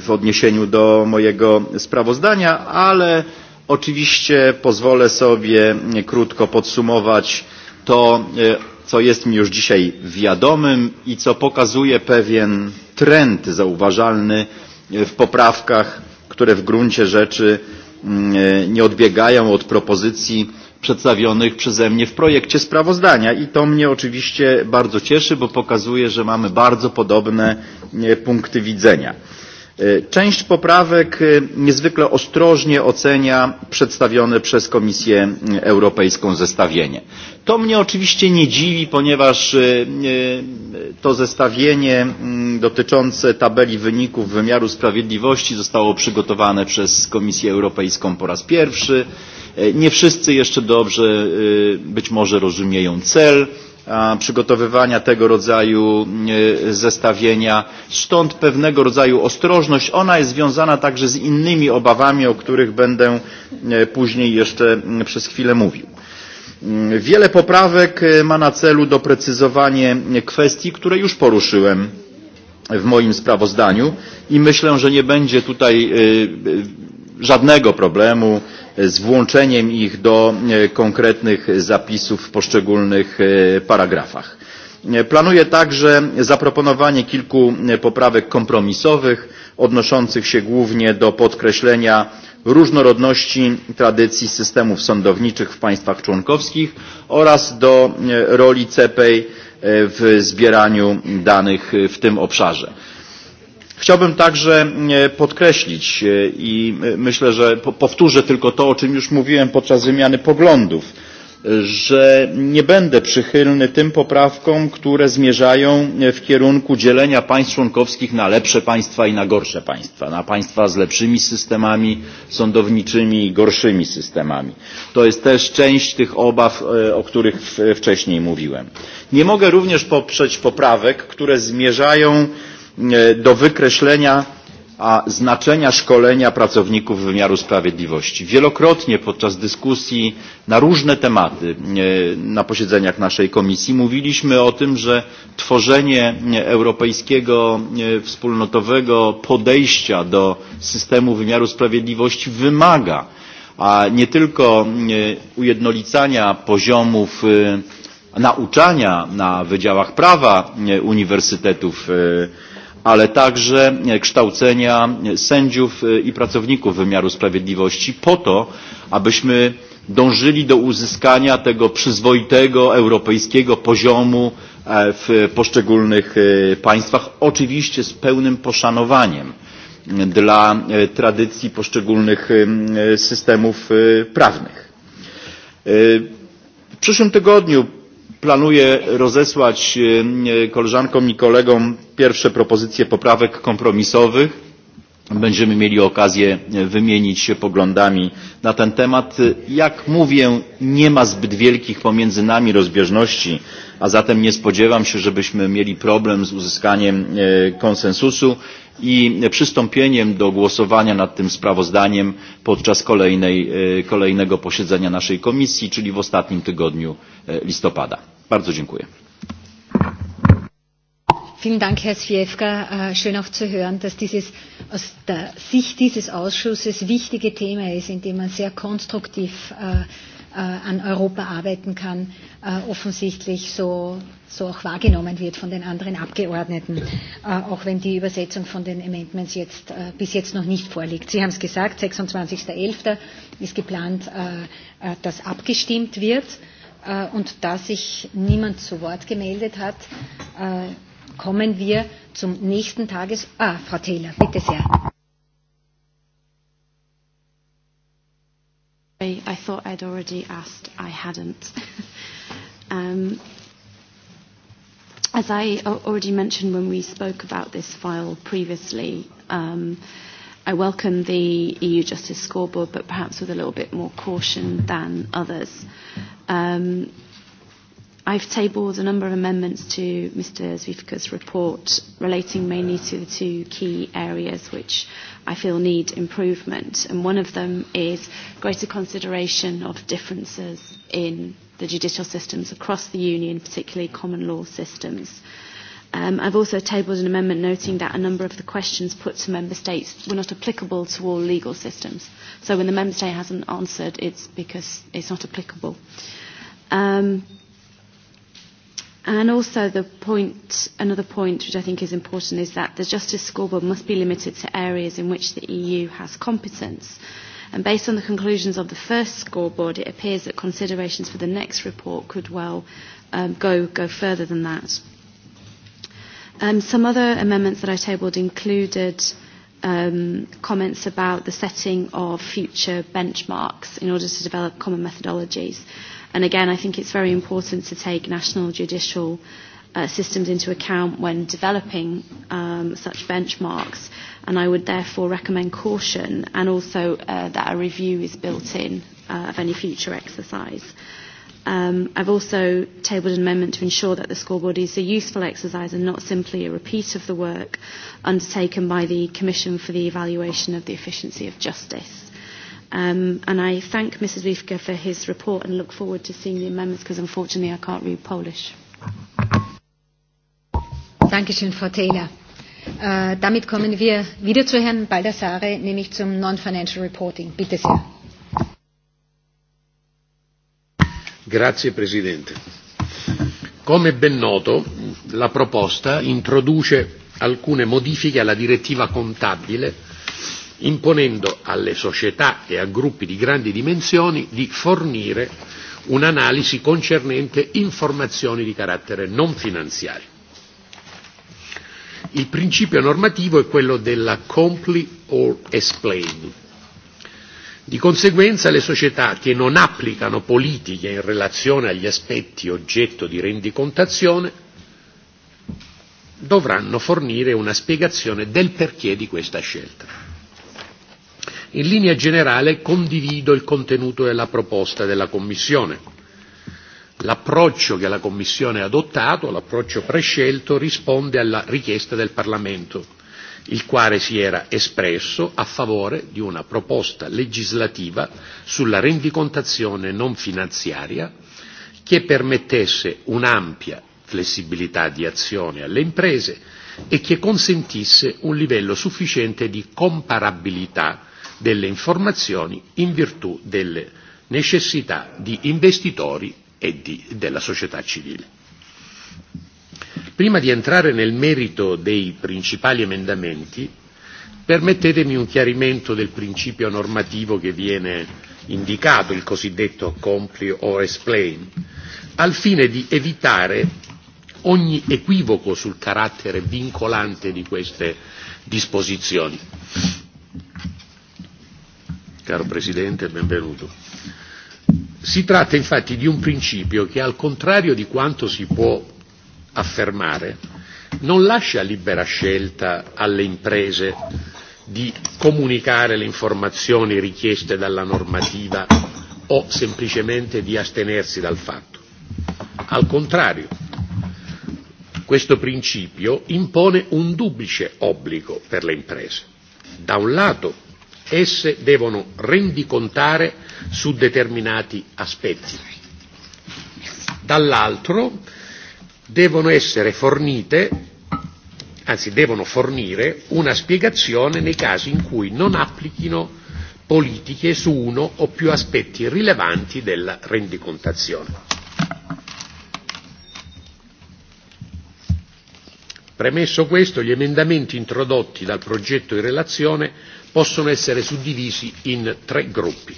w odniesieniu do mojego sprawozdania, ale Oczywiście pozwolę sobie mm, krótko podsumować to, e, co jest mi już dzisiaj wiadomym i co pokazuje pewien trend zauważalny e, w poprawkach, które w gruncie rzeczy mm, e, nie odbiegają od propozycji przedstawionych przeze mnie w projekcie sprawozdania i to mnie oczywiście bardzo cieszy, bo pokazuje, że mamy bardzo podobne punkty widzenia. E, część poprawek e, niezwykle ostrożnie ocenia przedstawione przez Komisję Europejską zestawienie. To mnie oczywiście nie dziwi, ponieważ e, to zestawienie dotyczące tabeli wyników wymiaru sprawiedliwości zostało przygotowane przez Komisję Europejską po raz pierwszy. Nie wszyscy jeszcze dobrze być może rozumieją cel E, przygotowywania tego rodzaju e, zestawienia stąd pewnego rodzaju ostrożność ona jest związana także z innymi obawami o których będę e, później jeszcze przez chwilę mówił. Mm, wiele poprawek ma na celu doprecyzowanie kwestii które już poruszyłem w moim sprawozdaniu i myślę że nie będzie tutaj żadnego problemu z włączeniem ich do e, konkretnych zapisów w poszczególnych e, paragrafach. E, planuję także zaproponowanie kilku poprawek kompromisowych odnoszących się głównie do podkreślenia różnorodności tradycji systemów sądowniczych w państwach członkowskich oraz do roli CEPEJ w zbieraniu danych w tym obszarze. Chciałbym także e, podkreślić e, i e, myślę, że powtórzę tylko to, o czym już mówiłem podczas wymiany poglądów, że nie będę przychylny tym poprawkom, które zmierzają w kierunku dzielenia państw członkowskich na lepsze państwa i na gorsze państwa, na państwa z lepszymi systemami sądowniczymi i gorszymi systemami. To jest też część tych obaw, o których wcześniej mówiłem. Nie mogę również poprzeć poprawek, które zmierzają E, do wykreślenia a znaczenia szkolenia pracowników wymiaru sprawiedliwości. Wielokrotnie podczas dyskusji na różne tematy e, na posiedzeniach naszej komisji mówiliśmy o tym, że tworzenie europejskiego e, wspólnotowego podejścia do systemu wymiaru sprawiedliwości wymaga a nie tylko ujednolicania poziomów nauczania na wydziałach prawa uniwersytetów ale także kształcenia sędziów e, i pracowników wymiaru sprawiedliwości po to, abyśmy dążyli do uzyskania tego przyzwoitego europejskiego poziomu e, w poszczególnych e, państwach, oczywiście z pełnym poszanowaniem dla tradycji poszczególnych systemów prawnych. W przyszłym tygodniu planuję rozesłać e, e, koleżankom i kolegom pierwsze propozycje poprawek kompromisowych. Będziemy mieli okazję e, wymienić się poglądami na ten temat. Jak mówię, nie ma zbyt wielkich pomiędzy nami rozbieżności, a zatem nie spodziewam się, żebyśmy mieli problem z uzyskaniem konsensusu i przystąpieniem do głosowania nad tym sprawozdaniem podczas kolejnej, e, kolejnego posiedzenia naszej komisji, czyli w ostatnim tygodniu e, listopada. Bardzo dziękuję. Vielen Dank, Herr Zwiefka. Äh, schön auch zu hören, dass dieses aus der Sicht dieses Ausschusses wichtige Thema ist, in dem man sehr konstruktiv äh, äh, an Europa arbeiten kann, äh, offensichtlich so, so auch wahrgenommen wird von den anderen Abgeordneten, äh, auch wenn die Übersetzung von den Amendments jetzt, äh, bis jetzt noch nicht vorliegt. Sie haben es gesagt, 26.11. ist geplant, äh, äh, dass abgestimmt wird äh, und da sich niemand zu Wort gemeldet hat, äh, kommen wir zum nächsten Tages... Ah, Frau Taylor, bitte sehr. I, I thought I'd already asked. I hadn't. (laughs) um, as I already mentioned when we spoke about this file previously, um, I welcome the EU Justice Scoreboard, but perhaps with a little bit more caution than others. Um, I've tabled a number of amendments to Mr Zvifka's report relating mainly to the two key areas which I feel need improvement. And one of them is greater consideration of differences in the judicial systems across the Union, particularly common law systems. Um, I've also tabled an amendment noting that a number of the questions put to member states were not applicable to all legal systems. So when the member state hasn't answered, it's because it's not applicable. Um, And also the point, another point which I think is important is that the Justice Scoreboard must be limited to areas in which the EU has competence. And based on the conclusions of the first scoreboard, it appears that considerations for the next report could well um, go, go further than that. Um, some other amendments that I tabled included uh, um, comments about the setting of future benchmarks in order to develop common methodologies. And again, I think it's very important to take national judicial uh, systems into account when developing um, such benchmarks. And I would therefore recommend caution and also uh, that a review is built in uh, of any future exercise. Uh, Um, I've also tabled an amendment to ensure that the scoreboard is a useful exercise and not simply a repeat of the work undertaken by the Commission for the evaluation of the efficiency of justice. Um, and I thank Mrs. Wiefke for his report and look forward to seeing the amendments because unfortunately I can't read Polish. Dankeschön, Frau Taylor. Äh, damit kommen wir wieder zu Herrn Baldassare, nämlich zum Non-Financial Reporting. Bitte sehr. Grazie Presidente. Come ben noto, la proposta introduce alcune modifiche alla direttiva contabile, imponendo alle società e a gruppi di grandi dimensioni di fornire un'analisi concernente informazioni di carattere non finanziario. Il principio normativo è quello della comply or explain, Di conseguenza le società che non applicano politiche in relazione agli aspetti oggetto di rendicontazione dovranno fornire una spiegazione del perché di questa scelta. In linea generale condivido il contenuto della proposta della Commissione. L'approccio che la Commissione ha adottato, l'approccio prescelto, risponde alla richiesta del Parlamento il quale si era espresso a favore di una proposta legislativa sulla rendicontazione non finanziaria che permettesse un'ampia flessibilità di azione alle imprese e che consentisse un livello sufficiente di comparabilità delle informazioni in virtù delle necessità di investitori e di, della società civile. Prima di entrare nel merito dei principali emendamenti, permettetemi un chiarimento del principio normativo che viene indicato, il cosiddetto compli o explain, al fine di evitare ogni equivoco sul carattere vincolante di queste disposizioni. Caro Presidente, benvenuto. Si tratta infatti di un principio che, al contrario di quanto si può affermare, non lascia libera scelta alle imprese di comunicare le informazioni richieste dalla normativa o semplicemente di astenersi dal fatto. Al contrario, questo principio impone un duplice obbligo per le imprese. Da un lato, esse devono rendicontare su determinati aspetti. Dall'altro, devono essere fornite, anzi devono fornire una spiegazione nei casi in cui non applichino politiche su uno o più aspetti rilevanti della rendicontazione. Premesso questo, gli emendamenti introdotti dal progetto in relazione possono essere suddivisi in tre gruppi.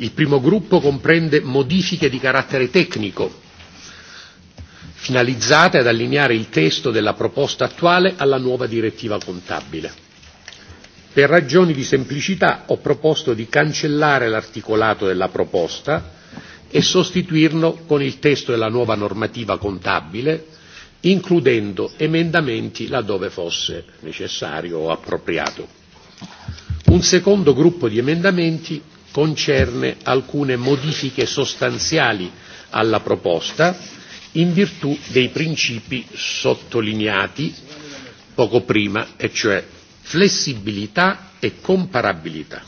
Il primo gruppo comprende modifiche di carattere tecnico, finalizzate ad allineare il testo della proposta attuale alla nuova direttiva contabile. Per ragioni di semplicità ho proposto di cancellare l'articolato della proposta e sostituirlo con il testo della nuova normativa contabile, includendo emendamenti laddove fosse necessario o appropriato. Un secondo gruppo di emendamenti concerne alcune modifiche sostanziali alla proposta in virtù dei principi sottolineati poco prima, e cioè flessibilità e comparabilità,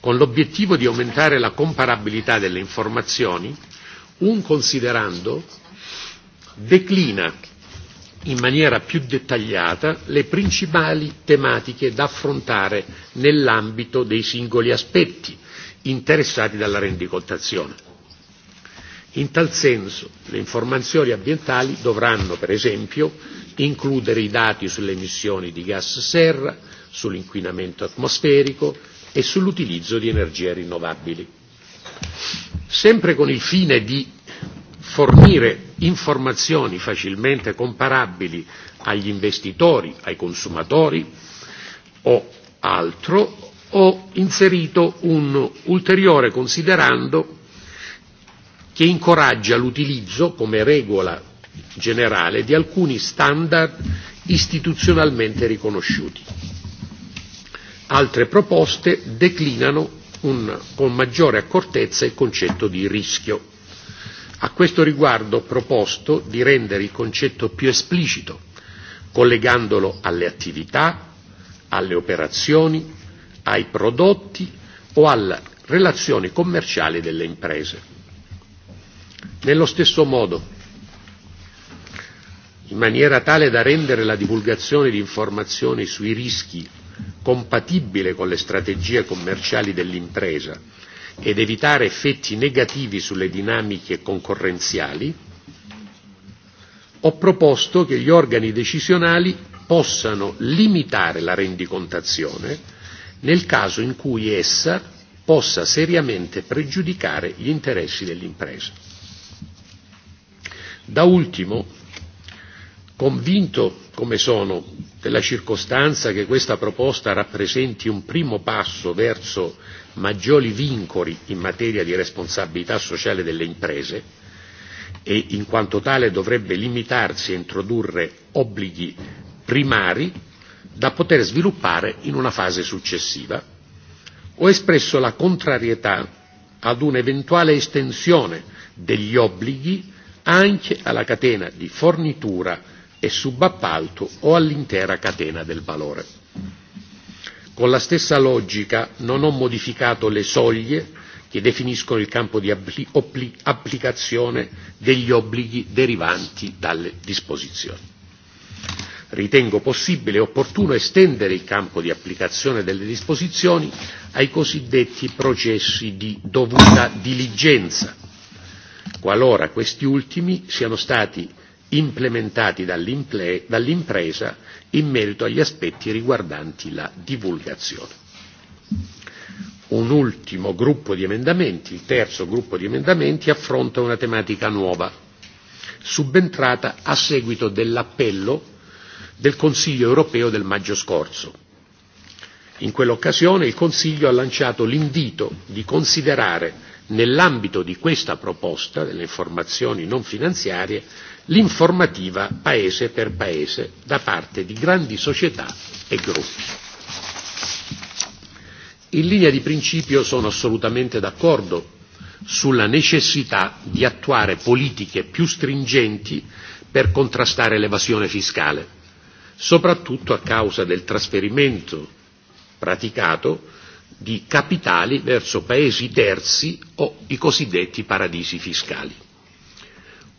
con l'obiettivo di aumentare la comparabilità delle informazioni, un considerando declina in maniera più dettagliata le principali tematiche da affrontare nell'ambito dei singoli aspetti interessati dalla rendicontazione. In tal senso le informazioni ambientali dovranno, per esempio, includere i dati sulle emissioni di gas serra, sull'inquinamento atmosferico e sull'utilizzo di energie rinnovabili. Sempre con il fine di fornire informazioni facilmente comparabili agli investitori, ai consumatori o altro, ho inserito un ulteriore considerando che incoraggia l'utilizzo, come regola generale, di alcuni standard istituzionalmente riconosciuti. Altre proposte declinano un, con maggiore accortezza il concetto di rischio. A questo riguardo ho proposto di rendere il concetto più esplicito, collegandolo alle attività, alle operazioni, ai prodotti o alla relazione commerciale delle imprese. Nello stesso modo, in maniera tale da rendere la divulgazione di informazioni sui rischi compatibile con le strategie commerciali dell'impresa ed evitare effetti negativi sulle dinamiche concorrenziali, ho proposto che gli organi decisionali possano limitare la rendicontazione nel caso in cui essa possa seriamente pregiudicare gli interessi dell'impresa. Da ultimo, convinto come sono della circostanza che questa proposta rappresenti un primo passo verso maggiori vincoli in materia di responsabilità sociale delle imprese e in quanto tale dovrebbe limitarsi a introdurre obblighi primari da poter sviluppare in una fase successiva, ho espresso la contrarietà ad un'eventuale estensione degli obblighi anche alla catena di fornitura e subappalto o all'intera catena del valore. Con la stessa logica non ho modificato le soglie che definiscono il campo di appli- obbli- applicazione degli obblighi derivanti dalle disposizioni. Ritengo possibile e opportuno estendere il campo di applicazione delle disposizioni ai cosiddetti processi di dovuta diligenza, qualora questi ultimi siano stati implementati dall'impresa in merito agli aspetti riguardanti la divulgazione. Un ultimo gruppo di emendamenti, il terzo gruppo di emendamenti, affronta una tematica nuova, subentrata a seguito dell'appello del Consiglio europeo del maggio scorso. In quell'occasione il Consiglio ha lanciato l'invito di considerare, nell'ambito di questa proposta delle informazioni non finanziarie, l'informativa paese per paese da parte di grandi società e gruppi. In linea di principio sono assolutamente d'accordo sulla necessità di attuare politiche più stringenti per contrastare l'evasione fiscale, soprattutto a causa del trasferimento praticato di capitali verso paesi terzi o i cosiddetti paradisi fiscali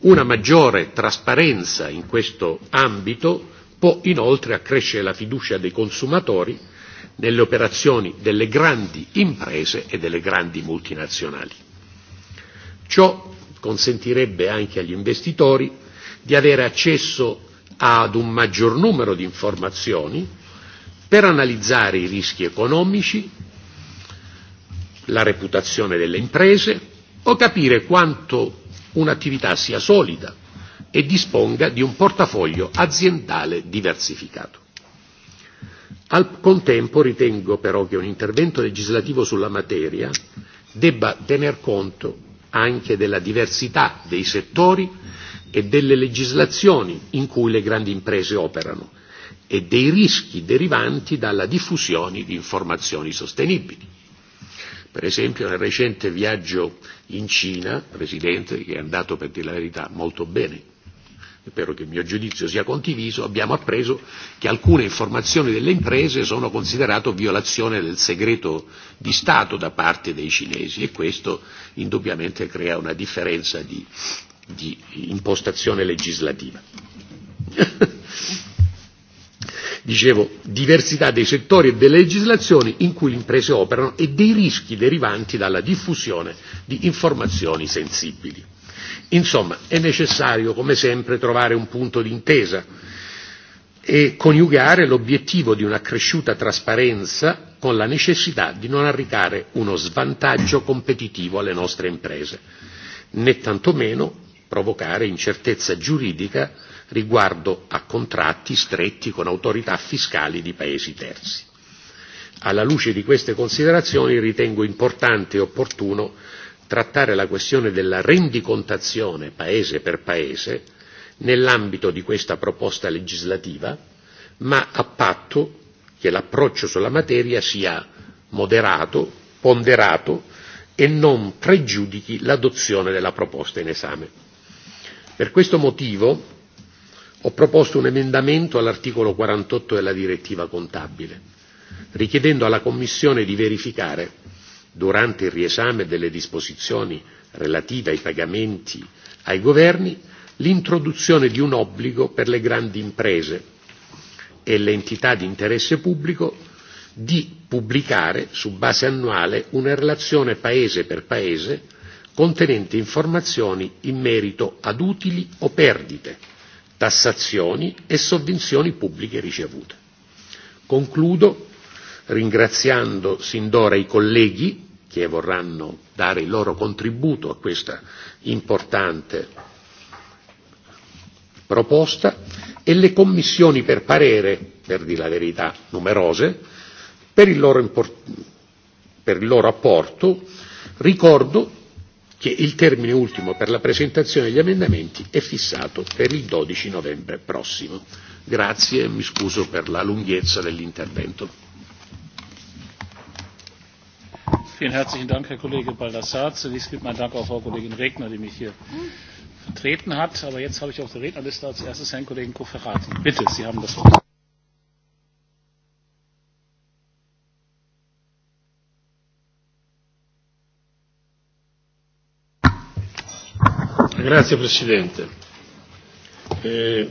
Una maggiore trasparenza in questo ambito può inoltre accrescere la fiducia dei consumatori nelle operazioni delle grandi imprese e delle grandi multinazionali. Ciò consentirebbe anche agli investitori di avere accesso ad un maggior numero di informazioni per analizzare i rischi economici, la reputazione delle imprese o capire quanto un'attività sia solida e disponga di un portafoglio aziendale diversificato. Al contempo ritengo però che un intervento legislativo sulla materia debba tener conto anche della diversità dei settori e delle legislazioni in cui le grandi imprese operano e dei rischi derivanti dalla diffusione di informazioni sostenibili. Per esempio nel recente viaggio in Cina, Presidente, che è andato per dire la verità molto bene, spero che il mio giudizio sia condiviso, abbiamo appreso che alcune informazioni delle imprese sono considerate violazione del segreto di Stato da parte dei cinesi e questo indubbiamente crea una differenza di, di impostazione legislativa. (laughs) dicevo, diversità dei settori e delle legislazioni in cui le imprese operano e dei rischi derivanti dalla diffusione di informazioni sensibili. Insomma, è necessario, come sempre, trovare un punto d'intesa e coniugare l'obiettivo di un'accresciuta trasparenza con la necessità di non arrecare uno svantaggio competitivo alle nostre imprese, né tantomeno provocare incertezza giuridica riguardo a contratti stretti con autorità fiscali di Paesi terzi. Alla luce di queste considerazioni ritengo importante e opportuno trattare la questione della rendicontazione Paese per Paese nell'ambito di questa proposta legislativa, ma a patto che l'approccio sulla materia sia moderato, ponderato e non pregiudichi l'adozione della proposta in esame. Per questo motivo Ho proposto un emendamento all'articolo 48 della direttiva contabile, richiedendo alla Commissione di verificare, durante il riesame delle disposizioni relative ai pagamenti ai governi, l'introduzione di un obbligo per le grandi imprese e le entità di interesse pubblico di pubblicare su base annuale una relazione paese per paese contenente informazioni in merito ad utili o perdite tassazioni e sovvenzioni pubbliche ricevute. Concludo ringraziando sin d'ora i colleghi che vorranno dare il loro contributo a questa importante proposta e le commissioni per parere, per dir la verità numerose, per il loro, import- per il loro apporto. Ricordo che il termine ultimo per la presentazione degli emendamenti è fissato per il 12 novembre prossimo. Grazie e mi scuso per la lunghezza dell'intervento. Vielen herzlichen Dank, Herr Kollege Baldassar. Zunächst gilt mein Dank auch Frau Kollegin Regner, die mich hier vertreten hat. Aber jetzt habe ich auf der Rednerliste als erstes Herrn Kollegen Kofferati. Bitte, Sie haben das Wort. Grazie Presidente. Eh,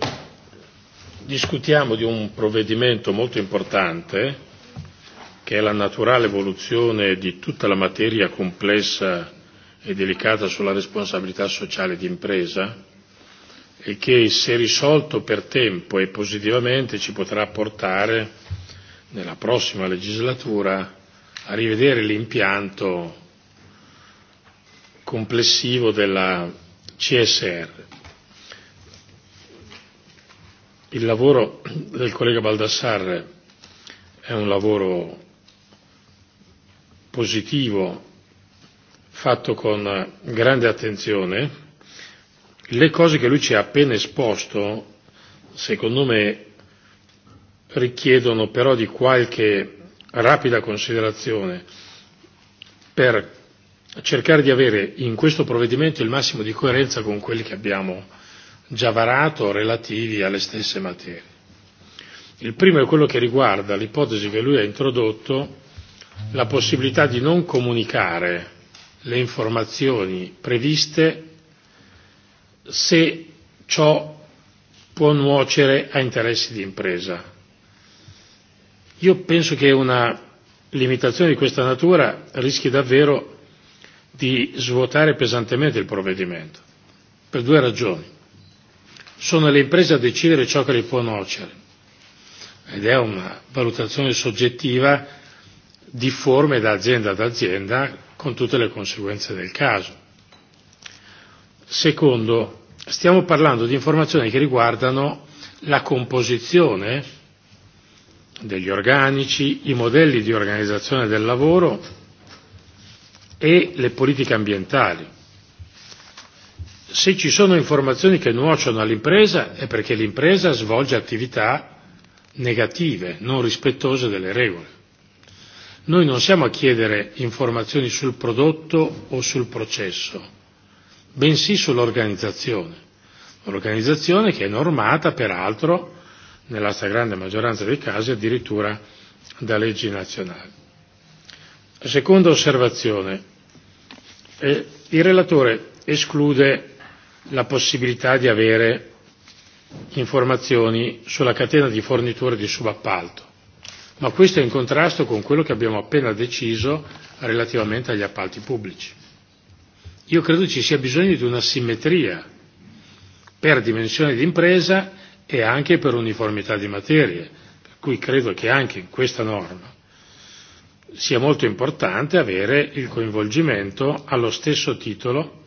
discutiamo di un provvedimento molto importante che è la naturale evoluzione di tutta la materia complessa e delicata sulla responsabilità sociale d'impresa e che se risolto per tempo e positivamente ci potrà portare nella prossima legislatura a rivedere l'impianto complessivo della CSR. Il lavoro del collega Baldassarre è un lavoro positivo, fatto con grande attenzione. Le cose che lui ci ha appena esposto, secondo me, richiedono però di qualche rapida considerazione per cercare di avere in questo provvedimento il massimo di coerenza con quelli che abbiamo già varato relativi alle stesse materie. Il primo è quello che riguarda l'ipotesi che lui ha introdotto, la possibilità di non comunicare le informazioni previste se ciò può nuocere a interessi di impresa. Io penso che una limitazione di questa natura rischi davvero di svuotare pesantemente il provvedimento, per due ragioni. Sono le imprese a decidere ciò che le può nuocere ed è una valutazione soggettiva difforme da azienda ad azienda con tutte le conseguenze del caso. Secondo, stiamo parlando di informazioni che riguardano la composizione degli organici, i modelli di organizzazione del lavoro e le politiche ambientali. Se ci sono informazioni che nuociono all'impresa è perché l'impresa svolge attività negative, non rispettose delle regole. Noi non siamo a chiedere informazioni sul prodotto o sul processo, bensì sull'organizzazione. Un'organizzazione che è normata, peraltro, nella stragrande maggioranza dei casi addirittura da leggi nazionali. Seconda osservazione. Eh, il relatore esclude la possibilità di avere informazioni sulla catena di fornitura di subappalto, ma questo è in contrasto con quello che abbiamo appena deciso relativamente agli appalti pubblici. Io credo ci sia bisogno di una simmetria per dimensione di impresa e anche per uniformità di materie, per cui credo che anche in questa norma sia molto importante avere il coinvolgimento allo stesso titolo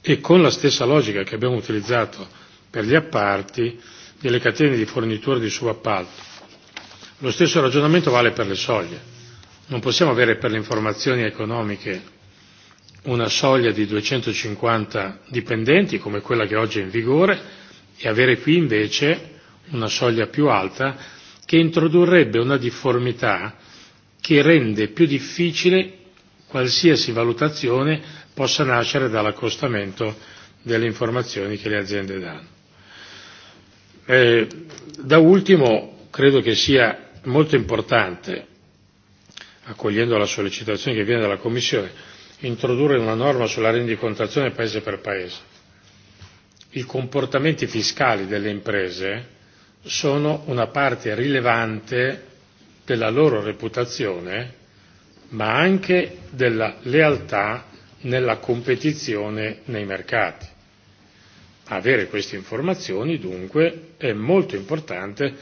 e con la stessa logica che abbiamo utilizzato per gli apparti delle catene di fornitori di subappalto. Lo stesso ragionamento vale per le soglie. Non possiamo avere per le informazioni economiche una soglia di 250 dipendenti come quella che oggi è in vigore e avere qui invece una soglia più alta che introdurrebbe una difformità che rende più difficile qualsiasi valutazione possa nascere dall'accostamento delle informazioni che le aziende danno. Eh, da ultimo credo che sia molto importante, accogliendo la sollecitazione che viene dalla Commissione, introdurre una norma sulla rendicontazione paese per paese. I comportamenti fiscali delle imprese sono una parte rilevante della loro reputazione, ma anche della lealtà nella competizione nei mercati. Avere queste informazioni dunque è molto importante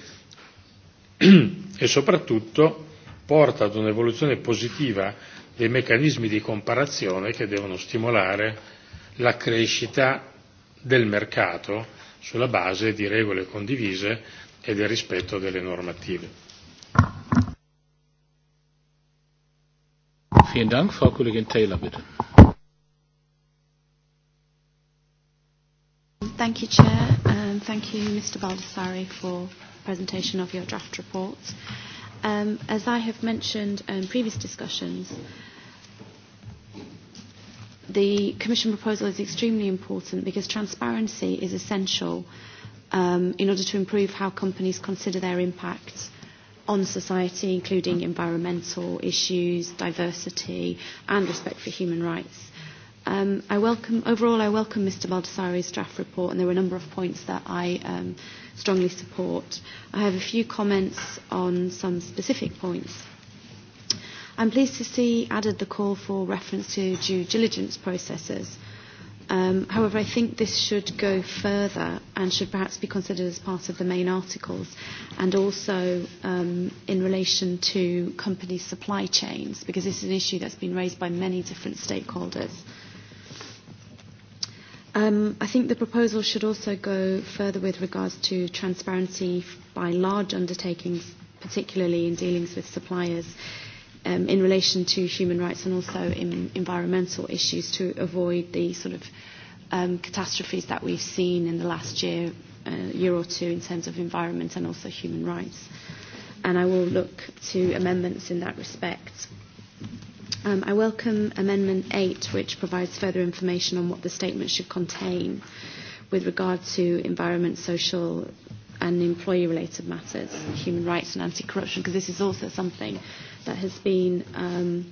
(clears throat) e soprattutto porta ad un'evoluzione positiva dei meccanismi di comparazione che devono stimolare la crescita del mercato sulla base di regole condivise e del rispetto delle normative. Vielen Dank. Frau Kollegin Taylor, bitte. Thank you, Chair, and um, thank you, Mr. Baldessari, for presentation of your draft report. Um, as I have mentioned in previous discussions, the Commission proposal is extremely important because transparency is essential um, in order to improve how companies consider their impacts on society, including environmental issues, diversity, and respect for human rights. Um, I welcome, overall, I welcome Mr. Baldessari's draft report, and there were a number of points that I um, strongly support. I have a few comments on some specific points. I'm pleased to see added the call for reference to due diligence processes. Uh, Um, however, I think this should go further and should perhaps be considered as part of the main articles and also um, in relation to company supply chains because this is an issue that's been raised by many different stakeholders. Um, I think the proposal should also go further with regards to transparency by large undertakings, particularly in dealings with suppliers. Uh, um, in relation to human rights and also in environmental issues to avoid the sort of um, catastrophes that we've seen in the last year, uh, year or two in terms of environment and also human rights. And I will look to amendments in that respect. Um, I welcome Amendment 8, which provides further information on what the statement should contain with regard to environment, social and employee-related matters, human rights and anti-corruption, because this is also something that has been um,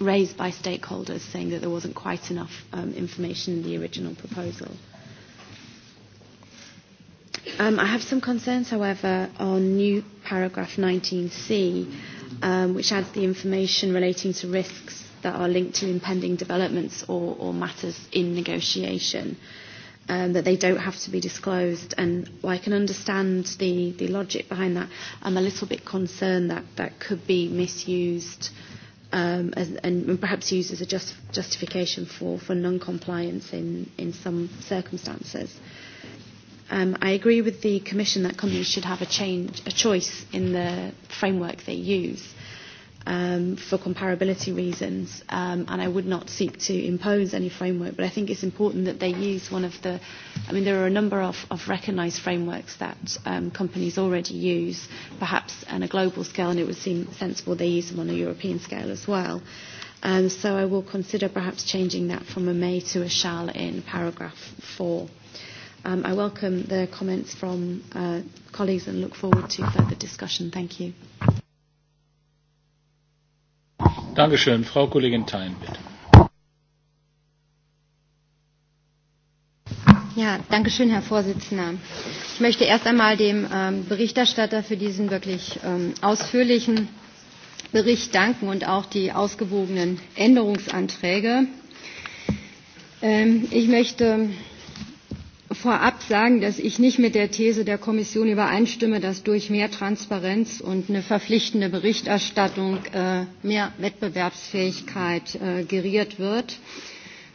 raised by stakeholders saying that there wasn't quite enough um, information in the original proposal. Um, I have some concerns, however, on new paragraph 19c, um, which adds the information relating to risks that are linked to impending developments or, or matters in negotiation. Uh, um, that they don't have to be disclosed. And well, I can understand the, the logic behind that. I'm a little bit concerned that that could be misused um, as, and, and perhaps used as a just, justification for, for non-compliance in, in some circumstances. Um, I agree with the Commission that companies should have a, change, a choice in the framework they use um, for comparability reasons, um, and I would not seek to impose any framework, but I think it's important that they use one of the, I mean, there are a number of, of recognised frameworks that um, companies already use, perhaps on a global scale, and it would seem sensible they use them on a European scale as well. Um, so I will consider perhaps changing that from a may to a shall in paragraph four. Um, I welcome the comments from uh, colleagues and look forward to further discussion. Thank you. Dankeschön. Frau Kollegin Thein, bitte. Ja, danke schön, Herr Vorsitzender. Ich möchte erst einmal dem ähm, Berichterstatter für diesen wirklich ähm, ausführlichen Bericht danken und auch die ausgewogenen Änderungsanträge. Ähm, ich möchte vorab sagen, dass ich nicht mit der These der Kommission übereinstimme, dass durch mehr Transparenz und eine verpflichtende Berichterstattung äh, mehr Wettbewerbsfähigkeit äh, geriert wird.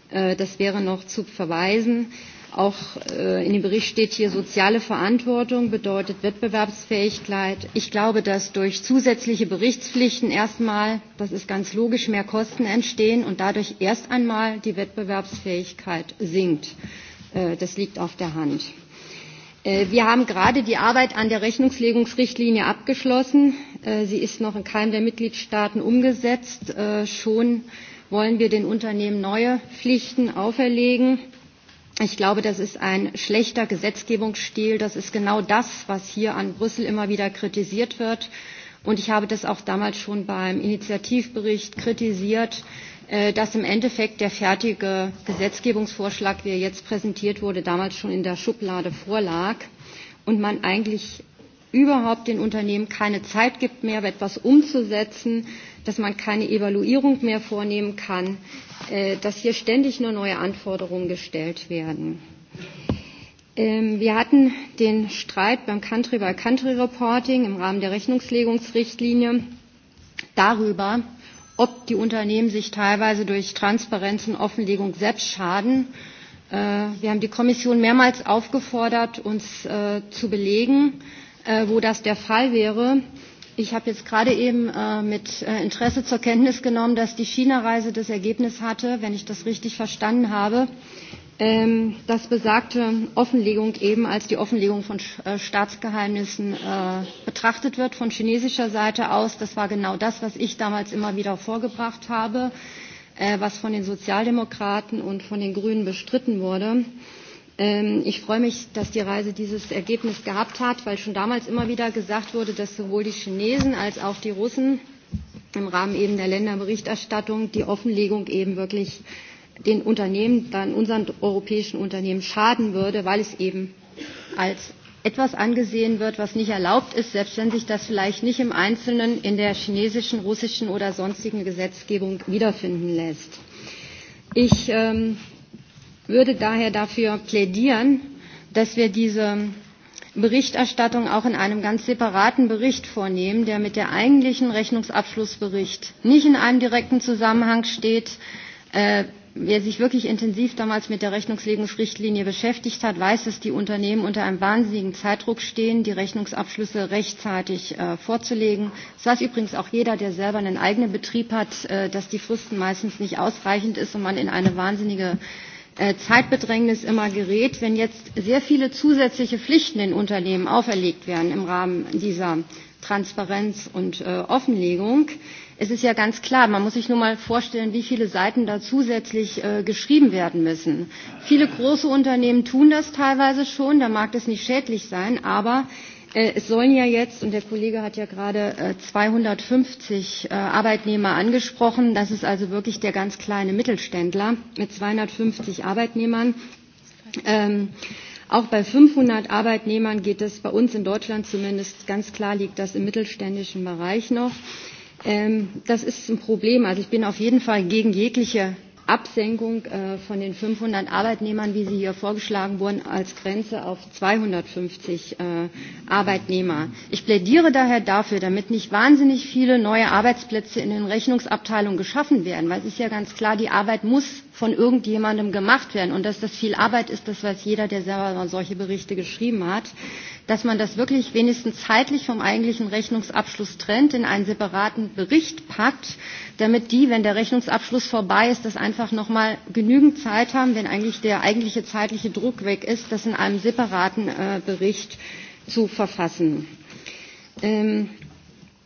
Äh, das wäre noch zu verweisen. Auch äh, in dem Bericht steht hier, soziale Verantwortung bedeutet Wettbewerbsfähigkeit. Ich glaube, dass durch zusätzliche Berichtspflichten erstmal, das ist ganz logisch, mehr Kosten entstehen und dadurch erst einmal die Wettbewerbsfähigkeit sinkt. Äh, Äh, das liegt auf der Hand. Äh, wir haben gerade die Arbeit an der Rechnungslegungsrichtlinie abgeschlossen. Äh, sie ist noch in keinem der Mitgliedstaaten umgesetzt. Schon wollen wir den Unternehmen neue Pflichten auferlegen. Ich glaube, das ist ein schlechter Gesetzgebungsstil. Das ist genau das, was hier an Brüssel immer wieder kritisiert wird. Und ich habe das auch damals schon beim Initiativbericht kritisiert. Äh, dass im Endeffekt der fertige Gesetzgebungsvorschlag, wie er jetzt präsentiert wurde, damals schon in der Schublade vorlag und man eigentlich überhaupt den Unternehmen keine Zeit gibt mehr, etwas umzusetzen, dass man keine Evaluierung mehr vornehmen kann, äh, dass hier ständig nur neue Anforderungen gestellt werden. Ähm, wir hatten den Streit beim Country-by-Country-Reporting im Rahmen der Rechnungslegungsrichtlinie darüber, ob die Unternehmen sich teilweise durch Transparenz und Offenlegung selbst schaden. Äh, wir haben die Kommission mehrmals aufgefordert, uns äh, zu belegen, äh, wo das der Fall wäre. Ich habe jetzt gerade eben äh, mit äh, Interesse zur Kenntnis genommen, dass die China-Reise das Ergebnis hatte, wenn ich das richtig verstanden habe, äh, ähm, dass besagte Offenlegung eben als die Offenlegung von äh, Staatsgeheimnissen äh, betrachtet wird von chinesischer Seite aus. Das war genau das, was ich damals immer wieder vorgebracht habe, äh, was von den Sozialdemokraten und von den Grünen bestritten wurde. Ähm, ich freue mich, dass die Reise dieses Ergebnis gehabt hat, weil schon damals immer wieder gesagt wurde, dass sowohl die Chinesen als auch die Russen im Rahmen eben der Länderberichterstattung die Offenlegung eben wirklich äh, den Unternehmen, dann unseren europäischen Unternehmen schaden würde, weil es eben als etwas angesehen wird, was nicht erlaubt ist, selbst wenn sich das vielleicht nicht im Einzelnen in der chinesischen, russischen oder sonstigen Gesetzgebung wiederfinden lässt. Ich ähm, würde daher dafür plädieren, dass wir diese Berichterstattung auch in einem ganz separaten Bericht vornehmen, der mit der eigentlichen Rechnungsabschlussbericht nicht in einem direkten Zusammenhang steht. Äh, Wer sich wirklich intensiv damals mit der Rechnungslegungsrichtlinie beschäftigt hat, weiß, dass die Unternehmen unter einem wahnsinnigen Zeitdruck stehen, die Rechnungsabschlüsse rechtzeitig äh, vorzulegen. Das weiß übrigens auch jeder, der selber einen eigenen Betrieb hat, äh, dass die Fristen meistens nicht ausreichend ist und man in eine wahnsinnige äh, Zeitbedrängnis immer gerät. Wenn jetzt sehr viele zusätzliche Pflichten den Unternehmen auferlegt werden im Rahmen dieser Transparenz und äh, Offenlegung, äh, es ist ja ganz klar, man muss sich nur mal vorstellen, wie viele Seiten da zusätzlich äh, geschrieben werden müssen. Viele große Unternehmen tun das teilweise schon, da mag das nicht schädlich sein, aber äh, es sollen ja jetzt, und der Kollege hat ja gerade äh, 250 äh, Arbeitnehmer angesprochen, das ist also wirklich der ganz kleine Mittelständler mit 250 Arbeitnehmern. Ähm, Auch bei 500 Arbeitnehmern geht es bei uns in Deutschland zumindest ganz klar, liegt das im mittelständischen Bereich noch. Ähm, das ist ein Problem. Also ich bin auf jeden Fall gegen jegliche Absenkung äh, von den 500 Arbeitnehmern, wie sie hier vorgeschlagen wurden, als Grenze auf 250 äh, Arbeitnehmer. Ich plädiere daher dafür, damit nicht wahnsinnig viele neue Arbeitsplätze in den Rechnungsabteilungen geschaffen werden, weil es ist ja ganz klar, die Arbeit muss von irgendjemandem gemacht werden und dass das viel Arbeit ist, das weiß jeder, der selber mal solche Berichte geschrieben hat, dass man das wirklich wenigstens zeitlich vom eigentlichen Rechnungsabschluss trennt, in einen separaten Bericht packt, damit die, wenn der Rechnungsabschluss vorbei ist, das einfach nochmal genügend Zeit haben, wenn eigentlich der eigentliche zeitliche Druck weg ist, das in einem separaten äh, Bericht zu verfassen. Ähm,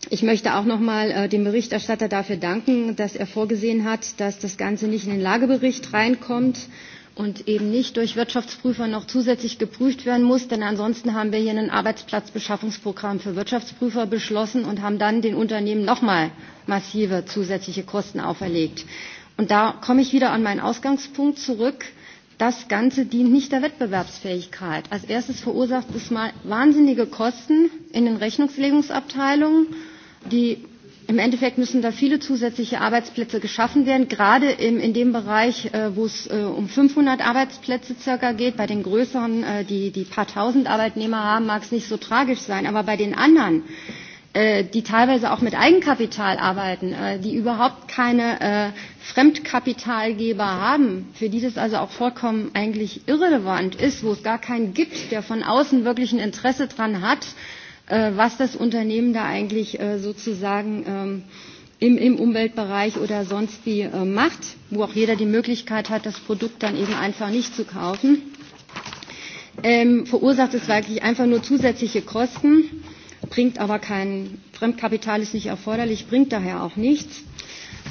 Ich möchte auch nochmal äh, dem Berichterstatter dafür danken, dass er vorgesehen hat, dass das Ganze nicht in den Lagebericht reinkommt und eben nicht durch Wirtschaftsprüfer noch zusätzlich geprüft werden muss, denn ansonsten haben wir hier ein Arbeitsplatzbeschaffungsprogramm für Wirtschaftsprüfer beschlossen und haben dann den Unternehmen nochmal massive zusätzliche Kosten auferlegt. Und da komme ich wieder an meinen Ausgangspunkt zurück. Das Ganze dient nicht der Wettbewerbsfähigkeit. Als erstes verursacht es mal wahnsinnige Kosten in den Rechnungslegungsabteilungen die im Endeffekt müssen da viele zusätzliche Arbeitsplätze geschaffen werden, gerade im, in dem Bereich, äh, wo es äh, um 500 Arbeitsplätze circa geht. Bei den größeren, äh, die, die paar tausend Arbeitnehmer haben, mag es nicht so tragisch sein. Aber bei den anderen, äh, die teilweise auch mit Eigenkapital arbeiten, äh, die überhaupt keine äh, Fremdkapitalgeber haben, für die das also auch vollkommen eigentlich irrelevant ist, wo es gar keinen gibt, der von außen wirklich ein Interesse dran hat, äh, äh, was das Unternehmen da eigentlich äh, sozusagen ähm, im, im Umweltbereich oder sonst wie äh, macht, wo auch jeder die Möglichkeit hat, das Produkt dann eben einfach nicht zu kaufen, ähm, verursacht es wirklich einfach nur zusätzliche Kosten, bringt aber kein Fremdkapital ist nicht erforderlich, bringt daher auch nichts.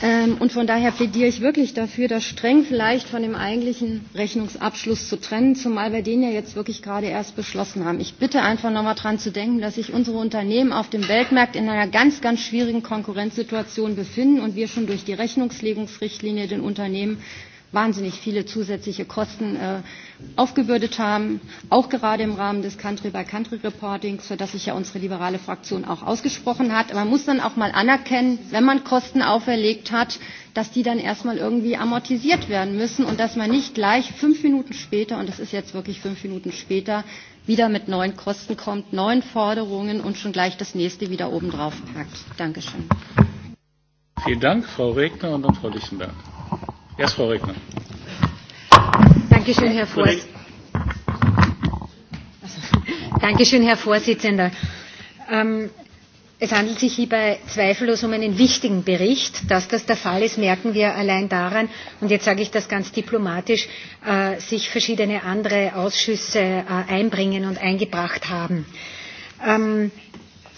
Ähm, und von daher plädiere ich wirklich dafür, das streng vielleicht von dem eigentlichen Rechnungsabschluss zu trennen, zumal wir den ja jetzt wirklich gerade erst beschlossen haben. Ich bitte einfach nochmal daran zu denken, dass sich unsere Unternehmen auf dem Weltmarkt in einer ganz, ganz schwierigen Konkurrenzsituation befinden und wir schon durch die Rechnungslegungsrichtlinie den Unternehmen wahnsinnig viele zusätzliche Kosten äh, aufgebürdet haben, auch gerade im Rahmen des Country-by-Country-Reportings, für das sich ja unsere liberale Fraktion auch ausgesprochen hat. Aber man muss dann auch mal anerkennen, wenn man Kosten auferlegt hat, dass die dann erstmal irgendwie amortisiert werden müssen und dass man nicht gleich fünf Minuten später, und das ist jetzt wirklich fünf Minuten später, wieder mit neuen Kosten kommt, neuen Forderungen und schon gleich das nächste wieder obendrauf packt. Dankeschön. Vielen Dank, Frau Regner und dann Frau Lichtenberg. Erst Frau Regner. Dankeschön, Herr Vorsitzender. (laughs) Dankeschön, Herr Vorsitzender. Ähm, es handelt sich hierbei zweifellos um einen wichtigen Bericht. Dass das der Fall ist, merken wir allein daran, und jetzt sage ich das ganz diplomatisch, äh, sich verschiedene andere Ausschüsse äh, einbringen und eingebracht haben. Ähm,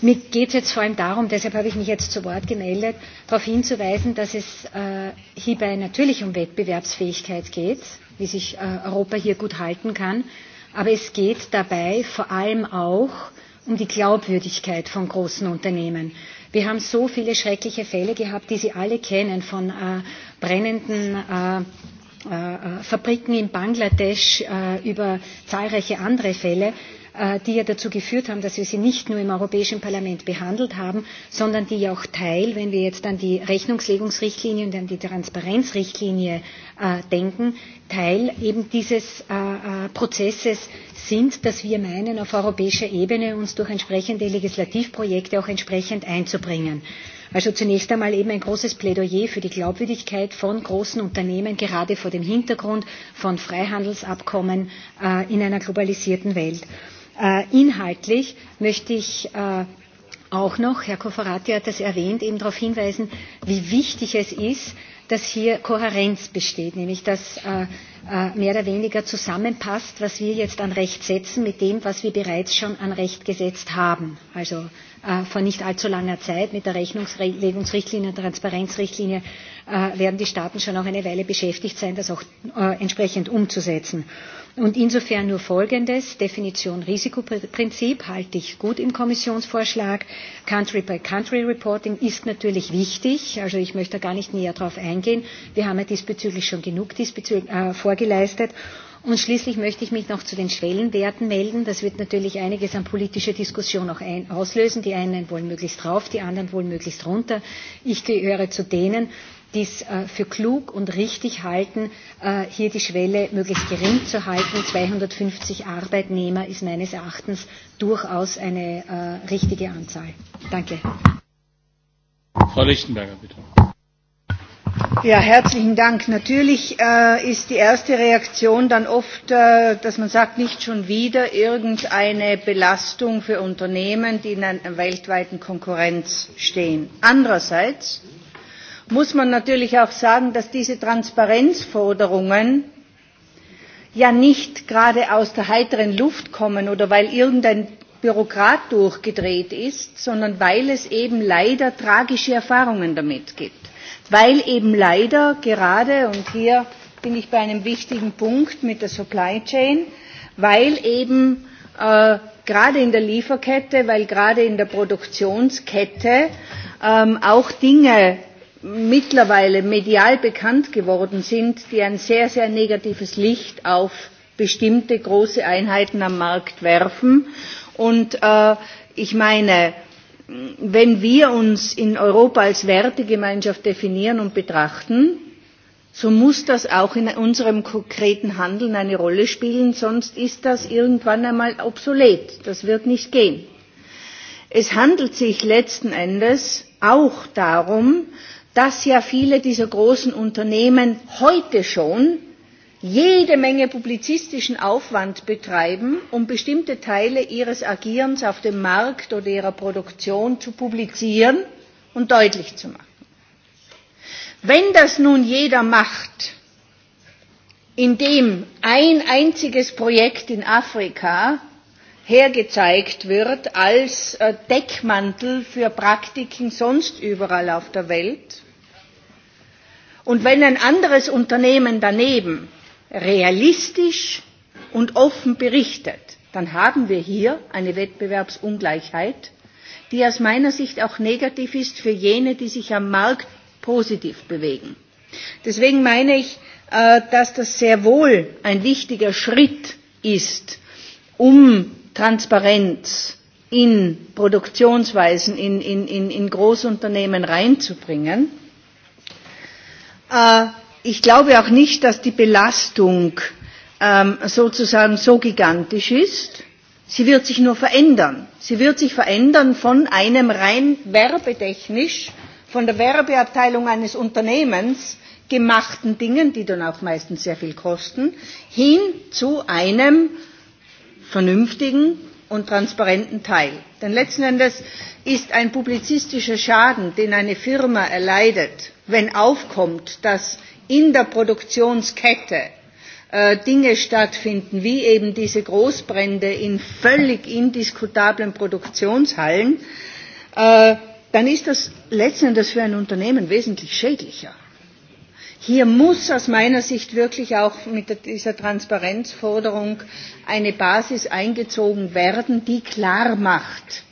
Mir geht es jetzt vor allem darum, deshalb habe ich mich jetzt zu Wort gemeldet, darauf hinzuweisen, dass es äh, hierbei natürlich um Wettbewerbsfähigkeit geht, wie sich äh, Europa hier gut halten kann. Aber es geht dabei vor allem auch um die Glaubwürdigkeit von großen Unternehmen. Wir haben so viele schreckliche Fälle gehabt, die Sie alle kennen, von äh, brennenden äh, äh, Fabriken in Bangladesch äh, über zahlreiche andere Fälle. Äh, die ja dazu geführt haben, dass wir sie nicht nur im Europäischen Parlament behandelt haben, sondern die ja auch Teil, wenn wir jetzt an die Rechnungslegungsrichtlinie und an die Transparenzrichtlinie äh, denken, Teil eben dieses äh, äh, Prozesses sind, dass wir meinen, auf europäischer Ebene uns durch entsprechende Legislativprojekte auch entsprechend einzubringen. Also zunächst einmal eben ein großes Plädoyer für die Glaubwürdigkeit von großen Unternehmen, gerade vor dem Hintergrund von Freihandelsabkommen äh, in einer globalisierten Welt. Äh, Äh, inhaltlich möchte ich äh, auch noch, Herr Kofferati hat das erwähnt, eben darauf hinweisen, wie wichtig es ist, dass hier Kohärenz besteht, nämlich dass äh, äh, mehr oder weniger zusammenpasst, was wir jetzt an Recht setzen mit dem, was wir bereits schon an Recht gesetzt haben. Also äh, vor nicht allzu langer Zeit mit der Rechnungslegungsrichtlinie und Transparenzrichtlinie äh, werden die Staaten schon auch eine Weile beschäftigt sein, das auch äh, entsprechend umzusetzen. Und insofern nur Folgendes. Definition Risikoprinzip halte ich gut im Kommissionsvorschlag. Country-by-Country-Reporting ist natürlich wichtig. Also ich möchte da gar nicht näher darauf eingehen. Wir haben ja diesbezüglich schon genug diesbezüglich, äh, vorgeleistet. Und schließlich möchte ich mich noch zu den Schwellenwerten melden. Das wird natürlich einiges an politischer Diskussion auch ein auslösen. Die einen wollen möglichst rauf, die anderen wollen möglichst runter. Ich gehöre zu denen, die es äh, für klug und richtig halten, äh, hier die Schwelle möglichst gering zu halten. 250 Arbeitnehmer ist meines Erachtens durchaus eine äh, richtige Anzahl. Danke. Frau Lichtenberger, bitte. Ja, herzlichen Dank. Natürlich äh, ist die erste Reaktion dann oft, äh, dass man sagt, nicht schon wieder irgendeine Belastung für Unternehmen, die in einer weltweiten Konkurrenz stehen. Andererseits äh, muss man natürlich auch sagen dass diese transparenzforderungen ja nicht gerade aus der heiteren luft kommen oder weil irgendein bürokrat durchgedreht ist sondern weil es eben leider tragische erfahrungen damit gibt weil eben leider gerade und hier bin ich bei einem wichtigen punkt mit der supply chain weil eben äh, gerade in der Lieferkette, weil gerade in der Produktionskette ähm, auch Dinge mittlerweile medial bekannt geworden sind, die ein sehr, sehr negatives Licht auf bestimmte große Einheiten am Markt werfen. Und äh, ich meine, wenn wir uns in Europa als Wertegemeinschaft definieren und betrachten, so muss das auch in unserem konkreten Handeln eine Rolle spielen, sonst ist das irgendwann einmal obsolet. Das wird nicht gehen. Es handelt sich letzten Endes auch darum, dass ja viele dieser großen Unternehmen heute schon jede Menge publizistischen Aufwand betreiben, um bestimmte Teile ihres Agierens auf dem Markt oder ihrer Produktion zu publizieren und deutlich zu machen. Wenn das nun jeder macht, indem ein einziges Projekt in Afrika hergezeigt wird als äh, Deckmantel für Praktiken sonst überall auf der Welt, Und wenn ein anderes Unternehmen daneben realistisch und offen berichtet, dann haben wir hier eine Wettbewerbsungleichheit, die aus meiner Sicht auch negativ ist für jene, die sich am Markt positiv bewegen. Deswegen meine ich, äh, dass das sehr wohl ein wichtiger Schritt ist, um Transparenz in Produktionsweisen, in, in, in, in Großunternehmen reinzubringen. Äh, ich glaube auch nicht, dass die Belastung ähm, sozusagen so gigantisch ist. Sie wird sich nur verändern. Sie wird sich verändern von einem rein werbetechnisch, von der Werbeabteilung eines Unternehmens gemachten Dingen, die dann auch meistens sehr viel kosten, hin zu einem vernünftigen und transparenten teil. denn letzten endes ist ein publizistischer schaden den eine firma erleidet wenn aufkommt dass in der produktionskette äh, dinge stattfinden wie eben diese großbrände in völlig indiskutablen produktionshallen äh, dann ist das letzten endes für ein unternehmen wesentlich schädlicher hier muss aus meiner sicht wirklich auch mit dieser transparenzforderung eine basis eingezogen werden die klar macht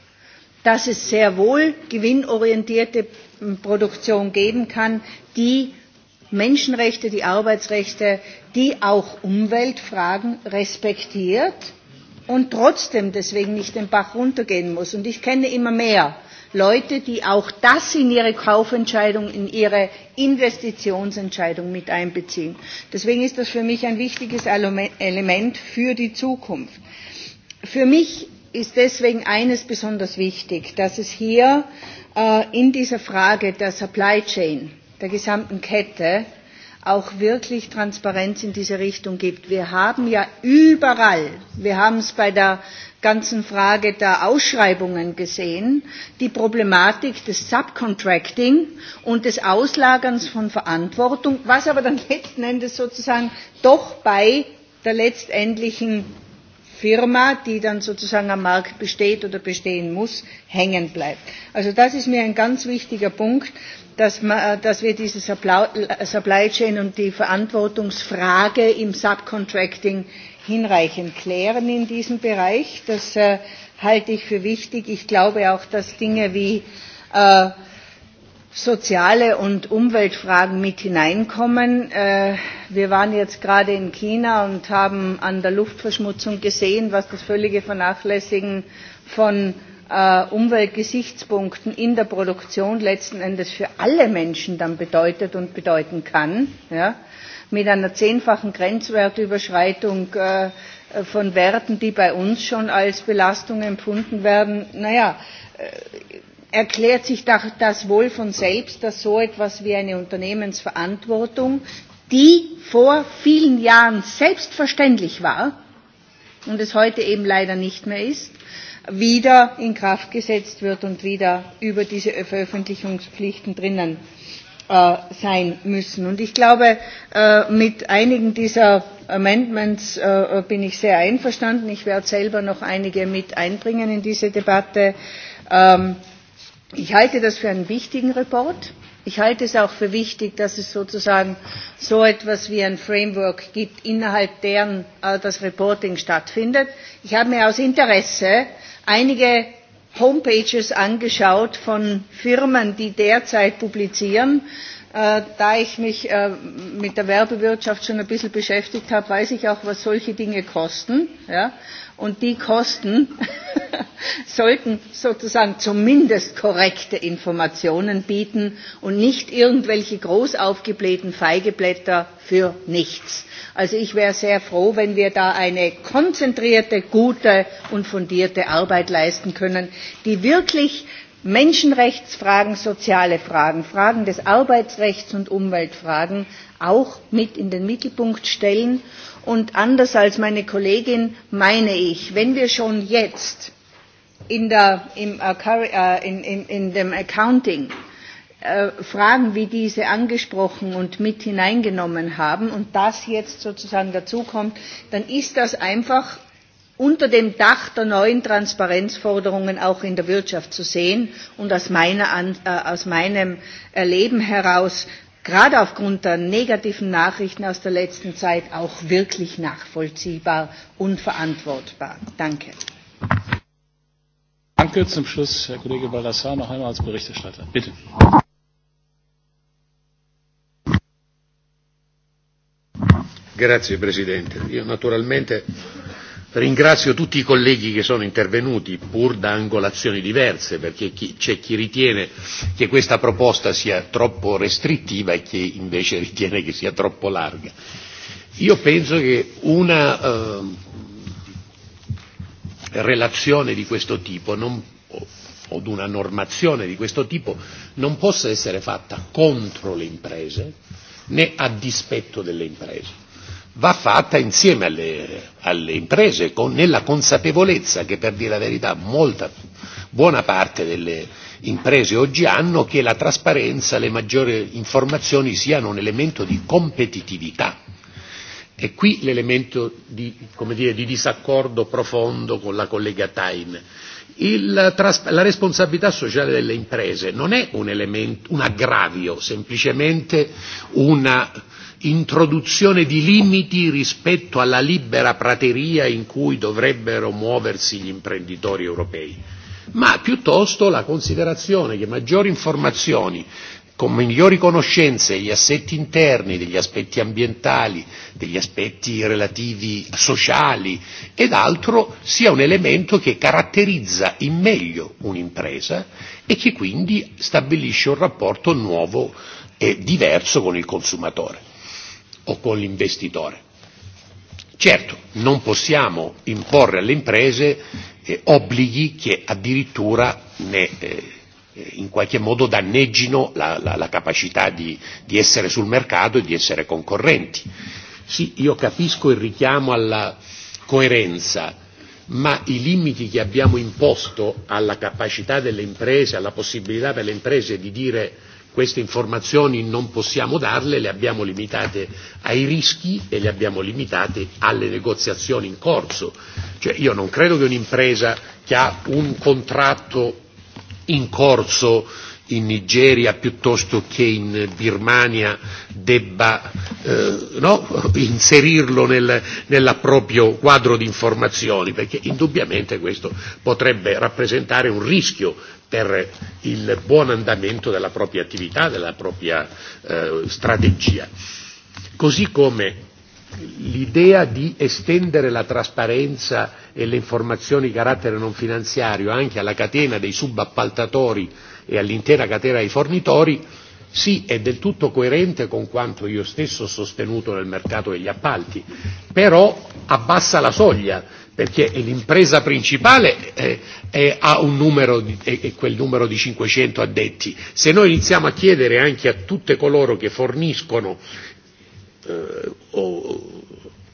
dass es sehr wohl gewinnorientierte hm, produktion geben kann die menschenrechte die arbeitsrechte die auch umweltfragen respektiert und trotzdem deswegen nicht den bach runtergehen muss. und ich kenne immer mehr Leute, die auch das in ihre Kaufentscheidung, in ihre Investitionsentscheidung mit einbeziehen. Deswegen ist das für mich ein wichtiges Element für die Zukunft. Für mich ist deswegen eines besonders wichtig, dass es hier äh, in dieser Frage der Supply Chain, der gesamten Kette, auch wirklich Transparenz in diese Richtung gibt. Wir haben ja überall, wir haben es bei der ganzen Frage der Ausschreibungen gesehen, die Problematik des Subcontracting und des Auslagerns von Verantwortung, was aber dann (laughs) letzten Endes sozusagen doch bei der letztendlichen Firma, die dann sozusagen am Markt besteht oder bestehen muss, hängen bleibt. Also das ist mir ein ganz wichtiger Punkt, dass, man, äh, dass wir diese äh, Supply Chain und die Verantwortungsfrage im Subcontracting hinreichend klären in diesem Bereich. Das äh, halte ich für wichtig. Ich glaube auch, dass Dinge wie äh, soziale und Umweltfragen mit hineinkommen. Äh, wir waren jetzt gerade in China und haben an der Luftverschmutzung gesehen, was das völlige Vernachlässigen von äh, Umweltgesichtspunkten in der Produktion letzten Endes für alle Menschen dann bedeutet und bedeuten kann. Ja? Mit einer zehnfachen Grenzwertüberschreitung äh, von Werten, die bei uns schon als Belastung empfunden werden. Naja, äh, erklärt sich das wohl von selbst, dass so etwas wie eine Unternehmensverantwortung, die vor vielen Jahren selbstverständlich war und es heute eben leider nicht mehr ist, wieder in Kraft gesetzt wird und wieder über diese Veröffentlichungspflichten drinnen äh, sein müssen. Und ich glaube, äh, mit einigen dieser Amendments äh, bin ich sehr einverstanden. Ich werde selber noch einige mit einbringen in diese Debatte. Ähm, Ich halte das für einen wichtigen Report. Ich halte es auch für wichtig, dass es sozusagen so etwas wie ein Framework gibt, innerhalb deren äh, das Reporting stattfindet. Ich habe mir aus Interesse einige Homepages angeschaut von Firmen, die derzeit publizieren, Äh, da ich mich äh, mit der Werbewirtschaft schon ein bisschen beschäftigt habe, weiß ich auch, was solche Dinge kosten. Ja? Und die Kosten (laughs) sollten sozusagen zumindest korrekte Informationen bieten und nicht irgendwelche groß aufgeblähten Feigeblätter für nichts. Also ich wäre sehr froh, wenn wir da eine konzentrierte, gute und fundierte Arbeit leisten können, die wirklich menschenrechtsfragen soziale fragen fragen des arbeitsrechts und umweltfragen auch mit in den mittelpunkt stellen. und anders als meine kollegin meine ich wenn wir schon jetzt in, der, im, äh, äh in, in, in dem accounting äh, fragen wie diese angesprochen und mit hineingenommen haben und das jetzt sozusagen dazukommt dann ist das einfach unter dem Dach der neuen Transparenzforderungen auch in der Wirtschaft zu sehen. Und aus, meiner, äh, aus meinem Erleben heraus gerade aufgrund der negativen Nachrichten aus der letzten Zeit auch wirklich nachvollziehbar und verantwortbar. Danke. Danke. Zum Schluss Herr Kollege Baldassar noch einmal als Berichterstatter. Bitte. Grazie Presidente. Io naturalmente Ringrazio tutti i colleghi che sono intervenuti, pur da angolazioni diverse, perché chi, c'è chi ritiene che questa proposta sia troppo restrittiva e chi invece ritiene che sia troppo larga. Io penso che una eh, relazione di questo tipo non, o, o una normazione di questo tipo non possa essere fatta contro le imprese né a dispetto delle imprese va fatta insieme alle, alle imprese, con, nella consapevolezza che per dire la verità molta, buona parte delle imprese oggi hanno che la trasparenza, le maggiori informazioni siano un elemento di competitività. E qui l'elemento di, come dire, di disaccordo profondo con la collega Tain. Il, la responsabilità sociale delle imprese non è un, elemento, un aggravio, semplicemente una, eh, introduzione di limiti rispetto alla libera prateria in cui dovrebbero muoversi gli imprenditori europei, ma piuttosto la considerazione che maggiori informazioni con migliori conoscenze degli assetti interni, degli aspetti ambientali, degli aspetti relativi sociali ed altro sia un elemento che caratterizza in meglio un'impresa e che quindi stabilisce un rapporto nuovo e diverso con il consumatore o con l'investitore. Certo, non possiamo imporre alle imprese eh, obblighi che addirittura ne, eh, eh, in qualche modo danneggino la, la, la capacità di, di essere sul mercato e di essere concorrenti. Sì, io capisco il richiamo alla coerenza, ma i limiti che abbiamo imposto alla capacità delle imprese, alla possibilità per le imprese di dire queste informazioni non possiamo darle, le abbiamo limitate ai rischi e le abbiamo limitate alle negoziazioni in corso. Cioè io non credo che un'impresa che ha un contratto in corso in Nigeria piuttosto che in Birmania debba eh, no, inserirlo nel, nel proprio quadro di informazioni, perché indubbiamente questo potrebbe rappresentare un rischio per il buon andamento della propria attività, della propria eh, strategia. Così come l'idea di estendere la trasparenza e le informazioni di carattere non finanziario anche alla catena dei subappaltatori e all'intera catena dei fornitori, sì, è del tutto coerente con quanto io stesso ho sostenuto nel mercato degli appalti, però abbassa la soglia, perché l'impresa principale eh, è, ha un numero di, è quel numero di 500 addetti. Se noi iniziamo a chiedere anche a tutte coloro che forniscono eh, o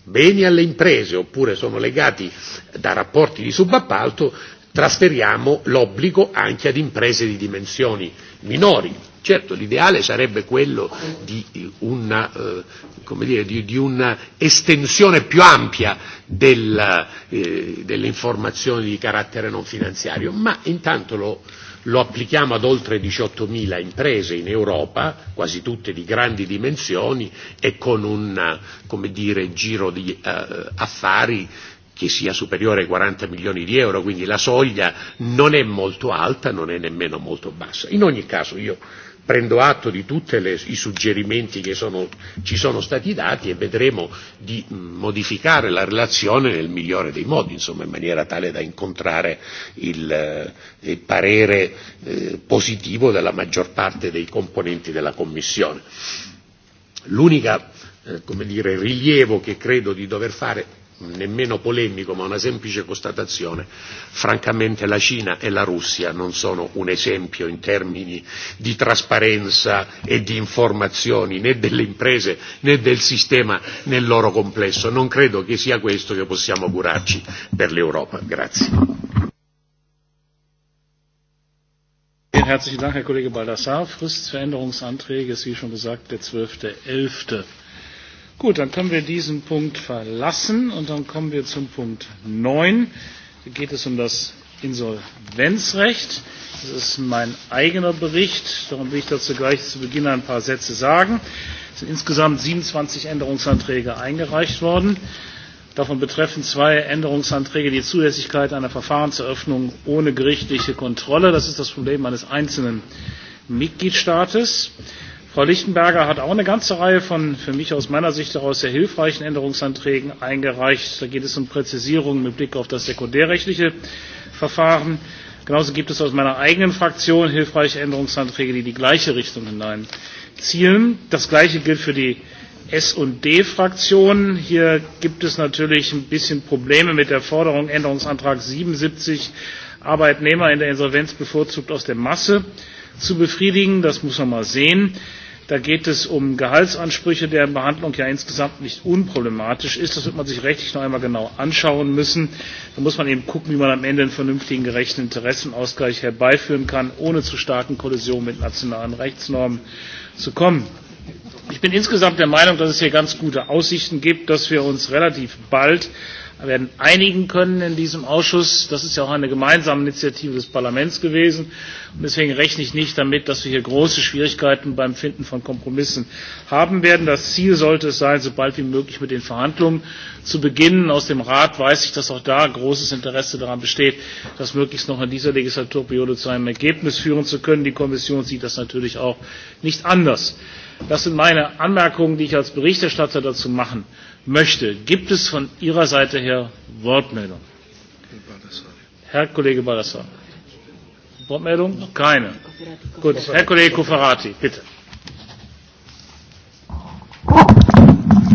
beni alle imprese oppure sono legati da rapporti di subappalto, trasferiamo l'obbligo anche ad imprese di dimensioni minori. Certo, l'ideale sarebbe quello di eh, una, eh, come dire, di, di un'estensione più ampia del, eh, delle informazioni di carattere non finanziario, ma intanto lo, lo applichiamo ad oltre 18.000 imprese in Europa, quasi tutte di grandi dimensioni e con un eh, come dire, giro di eh, affari che sia superiore ai 40 milioni di euro, quindi la soglia non è molto alta, non è nemmeno molto bassa. In ogni caso io prendo atto di tutti i suggerimenti che sono, ci sono stati dati e vedremo di mm, modificare la relazione nel migliore dei modi, insomma, in maniera tale da incontrare il, eh, il parere eh, positivo della maggior parte dei componenti della Commissione. L'unica eh, come dire, rilievo che credo di dover fare nemmeno polemico, ma una semplice constatazione, francamente la Cina e la Russia non sono un esempio in termini di trasparenza e di informazioni né delle imprese né del sistema nel loro complesso. Non credo che sia questo che possiamo augurarci per l'Europa. Grazie. Herzlichen Dank, Herr Kollege Baldassar. Frist für Änderungsanträge ist, wie schon gesagt, der 12.11. Gut, dann können wir diesen Punkt verlassen und dann kommen wir zum Punkt 9. Da geht es um das Insolvenzrecht. Das ist mein eigener Bericht. Darum will ich dazu gleich zu Beginn ein paar Sätze sagen. Es sind insgesamt 27 Änderungsanträge eingereicht worden. Davon betreffen zwei Änderungsanträge die Zulässigkeit einer Verfahrenseröffnung ohne gerichtliche Kontrolle. Das ist das Problem eines einzelnen Mitgliedstaates. Äh, Frau Lichtenberger hat auch eine ganze Reihe von, für mich aus meiner Sicht heraus, sehr hilfreichen Änderungsanträgen eingereicht. Da geht es um Präzisierungen mit Blick auf das sekundärrechtliche Verfahren. Genauso gibt es aus meiner eigenen Fraktion hilfreiche Änderungsanträge, die in die gleiche Richtung hinein zielen. Das Gleiche gilt für die S&D-Fraktion. Hier gibt es natürlich ein bisschen Probleme mit der Forderung Änderungsantrag 77, Arbeitnehmer in der Insolvenz bevorzugt aus der Masse zu befriedigen. Das muss man mal sehen. Da geht es um Gehaltsansprüche, deren Behandlung ja insgesamt nicht unproblematisch ist. Das wird man sich rechtlich noch einmal genau anschauen müssen. Da muss man eben gucken, wie man am Ende einen vernünftigen, gerechten Interessenausgleich herbeiführen kann, ohne zu starken Kollisionen mit nationalen Rechtsnormen zu kommen. Ich bin insgesamt der Meinung, dass es hier ganz gute Aussichten gibt, dass wir uns relativ bald werden einigen können in diesem Ausschuss. Das ist ja auch eine gemeinsame Initiative des Parlaments gewesen. Und deswegen rechne ich nicht damit, dass wir hier große Schwierigkeiten beim Finden von Kompromissen haben werden. Das Ziel sollte es sein, so bald wie möglich mit den Verhandlungen zu beginnen. Aus dem Rat weiß ich, dass auch da großes Interesse daran besteht, das möglichst noch in dieser Legislaturperiode zu einem Ergebnis führen zu können. Die Kommission sieht das natürlich auch nicht anders. Das sind meine Anmerkungen, die ich als Berichterstatter dazu machen möchte. Gibt es von Ihrer Seite her Wortmeldung? Herr Kollege Baldassar. Wortmeldung? Keine. Gut, Herr Kollege Kufarati, bitte.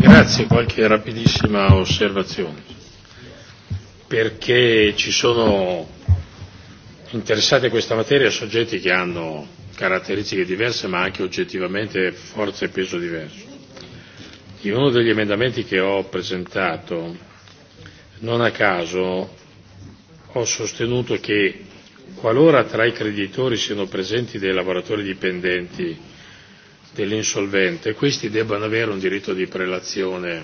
Grazie, qualche rapidissima osservazione. Perché ci sono interessati a questa materia soggetti che hanno caratteristiche diverse ma anche oggettivamente forza e peso diverso in uno degli emendamenti che ho presentato, non a caso, ho sostenuto che qualora tra i creditori siano presenti dei lavoratori dipendenti dell'insolvente, questi debbano avere un diritto di prelazione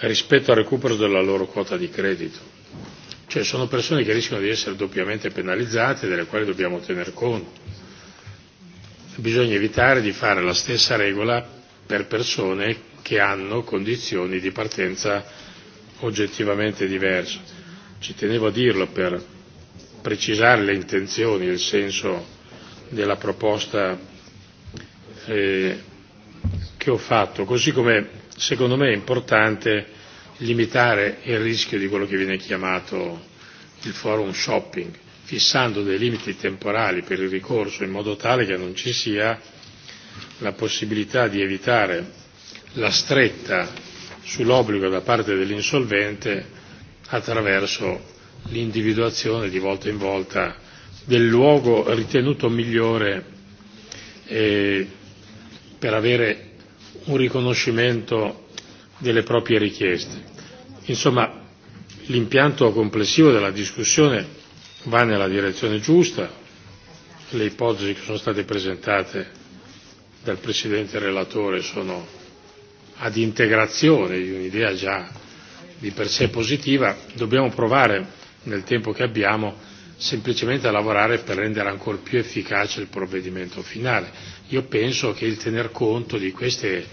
rispetto al recupero della loro quota di credito. Cioè sono persone che rischiano di essere doppiamente penalizzate, delle quali dobbiamo tener conto bisogna evitare di fare la stessa regola per persone che hanno condizioni di partenza oggettivamente diverse. Ci tenevo a dirlo per precisare le intenzioni e il senso della proposta eh, che ho fatto, così come secondo me è importante limitare il rischio di quello che viene chiamato il forum shopping, fissando dei limiti temporali per il ricorso in modo tale che non ci sia la possibilità di evitare la stretta sull'obbligo da parte dell'insolvente attraverso l'individuazione di volta in volta del luogo ritenuto migliore eh, per avere un riconoscimento delle proprie richieste. Insomma, l'impianto complessivo della discussione va nella direzione giusta, le ipotesi che sono state presentate dal Presidente relatore sono ad integrazione di un'idea già di per sé positiva, dobbiamo provare nel tempo che abbiamo semplicemente a lavorare per rendere ancora più efficace il provvedimento finale. Io penso che il tener conto di queste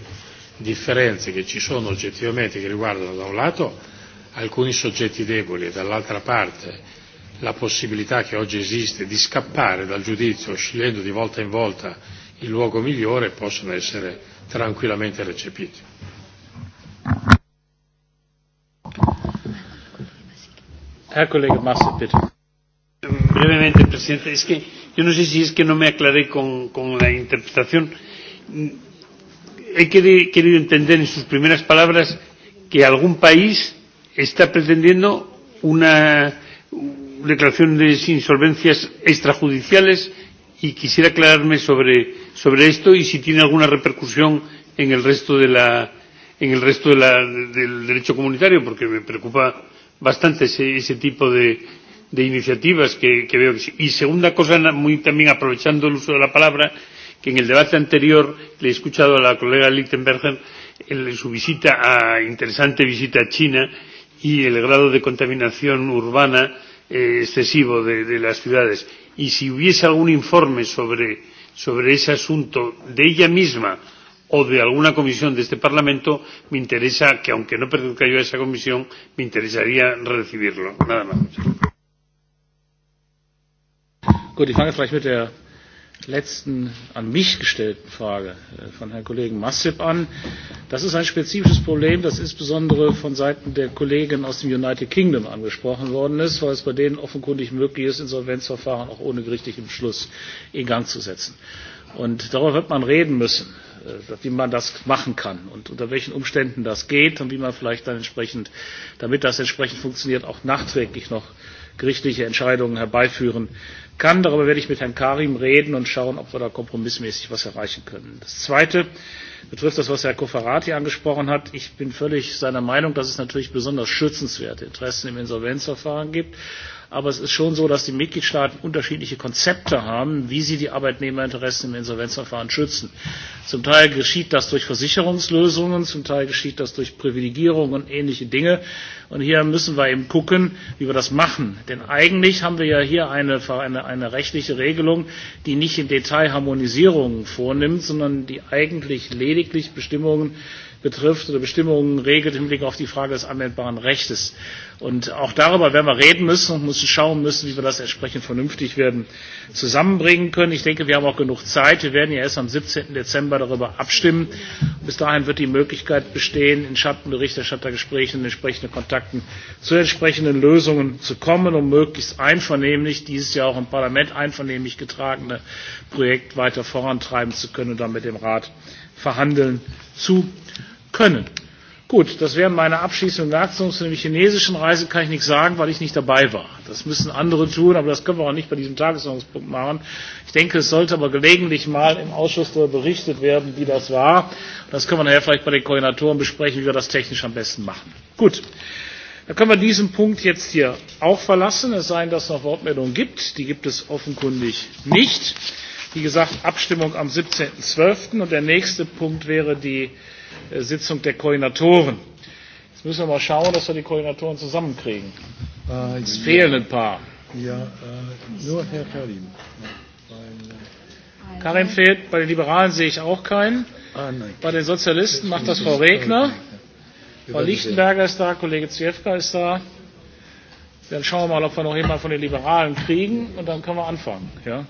differenze che ci sono oggettivamente che riguardano da un lato alcuni soggetti deboli e dall'altra parte la possibilità che oggi esiste di scappare dal giudizio scegliendo di volta in volta il luogo migliore possono essere tranquillamente recepiti. Herr eh, Kollege Masse, bitte. Brevemente, Presidente, es que yo no sé si es que no me aclaré con, con la interpretación. Mm, he querido entender en sus primeras palabras que algún país está pretendiendo una, declaraciones de insolvencias extrajudiciales y quisiera aclararme sobre, sobre esto y si tiene alguna repercusión en el resto, de la, en el resto de la, del derecho comunitario, porque me preocupa bastante ese, ese tipo de, de iniciativas que, que veo. Y segunda cosa, muy también aprovechando el uso de la palabra, que en el debate anterior le he escuchado a la colega Lichtenberger en su visita a, interesante visita a China y el grado de contaminación urbana eh, excesivo de, de las ciudades. Y si hubiese algún informe sobre, sobre ese asunto de ella misma o de alguna comisión de este Parlamento, me interesa que, aunque no pertenezca yo a esa comisión, me interesaría recibirlo. Nada más. Gut, ich fange vielleicht mit der letzten an mich gestellten Frage äh, von Herrn Kollegen Massip an. Das ist ein spezifisches Problem, das insbesondere von Seiten der Kollegen aus dem United Kingdom angesprochen worden ist, weil es bei denen offenkundig möglich ist, Insolvenzverfahren auch ohne gerichtlichen Beschluss in Gang zu setzen. Und darüber wird man reden müssen, äh, wie man das machen kann und unter welchen Umständen das geht und wie man vielleicht dann entsprechend, damit das entsprechend funktioniert, auch nachträglich noch gerichtliche Entscheidungen herbeiführen kann. Darüber werde ich mit Herrn Karim reden und schauen, ob wir da kompromissmäßig was erreichen können. Das Zweite betrifft das, was Herr Kofferati angesprochen hat. Ich bin völlig seiner Meinung, dass es natürlich besonders schützenswerte Interessen im Insolvenzverfahren gibt. Aber es ist schon so, dass die Mitgliedstaaten unterschiedliche Konzepte haben, wie sie die Arbeitnehmerinteressen im Insolvenzverfahren schützen. Zum Teil geschieht das durch Versicherungslösungen, zum Teil geschieht das durch Privilegierung und ähnliche Dinge. Und hier müssen wir eben gucken, wie wir das machen. Denn eigentlich haben wir ja hier eine, eine, eine rechtliche Regelung, die nicht im Detail Harmonisierungen vornimmt, sondern die eigentlich lediglich Bestimmungen betrifft oder Bestimmungen regelt im Blick auf die Frage des anwendbaren Rechtes. Und auch darüber werden wir reden müssen und müssen schauen müssen, wie wir das entsprechend vernünftig werden zusammenbringen können. Ich denke, wir haben auch genug Zeit. Wir werden ja erst am 17. Dezember darüber abstimmen. Bis dahin wird die Möglichkeit bestehen, in Schattenberichterstattergesprächen und entsprechenden Kontakten zu entsprechenden Lösungen zu kommen, um möglichst einvernehmlich dieses Jahr auch im Parlament einvernehmlich getragene Projekt weiter vorantreiben zu können und dann mit dem Rat verhandeln zu können. Gut, das wären meine abschließenden Bemerkungen. Zu dem chinesischen Reise kann ich nichts sagen, weil ich nicht dabei war. Das müssen andere tun, aber das können wir auch nicht bei diesem Tagesordnungspunkt machen. Ich denke, es sollte aber gelegentlich mal im Ausschuss darüber berichtet werden, wie das war. Das können wir nachher vielleicht bei den Koordinatoren besprechen, wie wir das technisch am besten machen. Gut. Dann können wir diesen Punkt jetzt hier auch verlassen, es sei denn, dass es noch Wortmeldungen gibt. Die gibt es offenkundig nicht. Wie gesagt, Abstimmung am 17.12. Und der nächste Punkt wäre die Sitzung der Koordinatoren. Jetzt müssen wir mal schauen, dass wir die Koordinatoren zusammenkriegen. Äh, es ja, fehlen ein paar. Ja, äh, nur Herr Karim. Bei, äh, Karim fehlt, bei den Liberalen sehe ich auch keinen. Ah, nein. Bei den Sozialisten macht das Frau Regner. Frau Lichtenberger ist da, Kollege Zwiefka ist da. Dann schauen wir mal, ob wir noch jemanden von den Liberalen kriegen und dann können wir anfangen. Ja?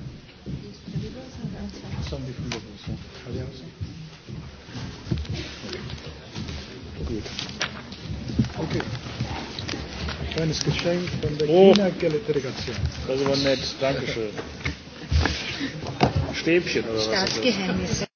gut. Okay. Ein kleines Geschenk von der oh. China-Delegation. Das ist aber nett. Dankeschön. (laughs) Stäbchen oder was? Staatsgeheimnisse.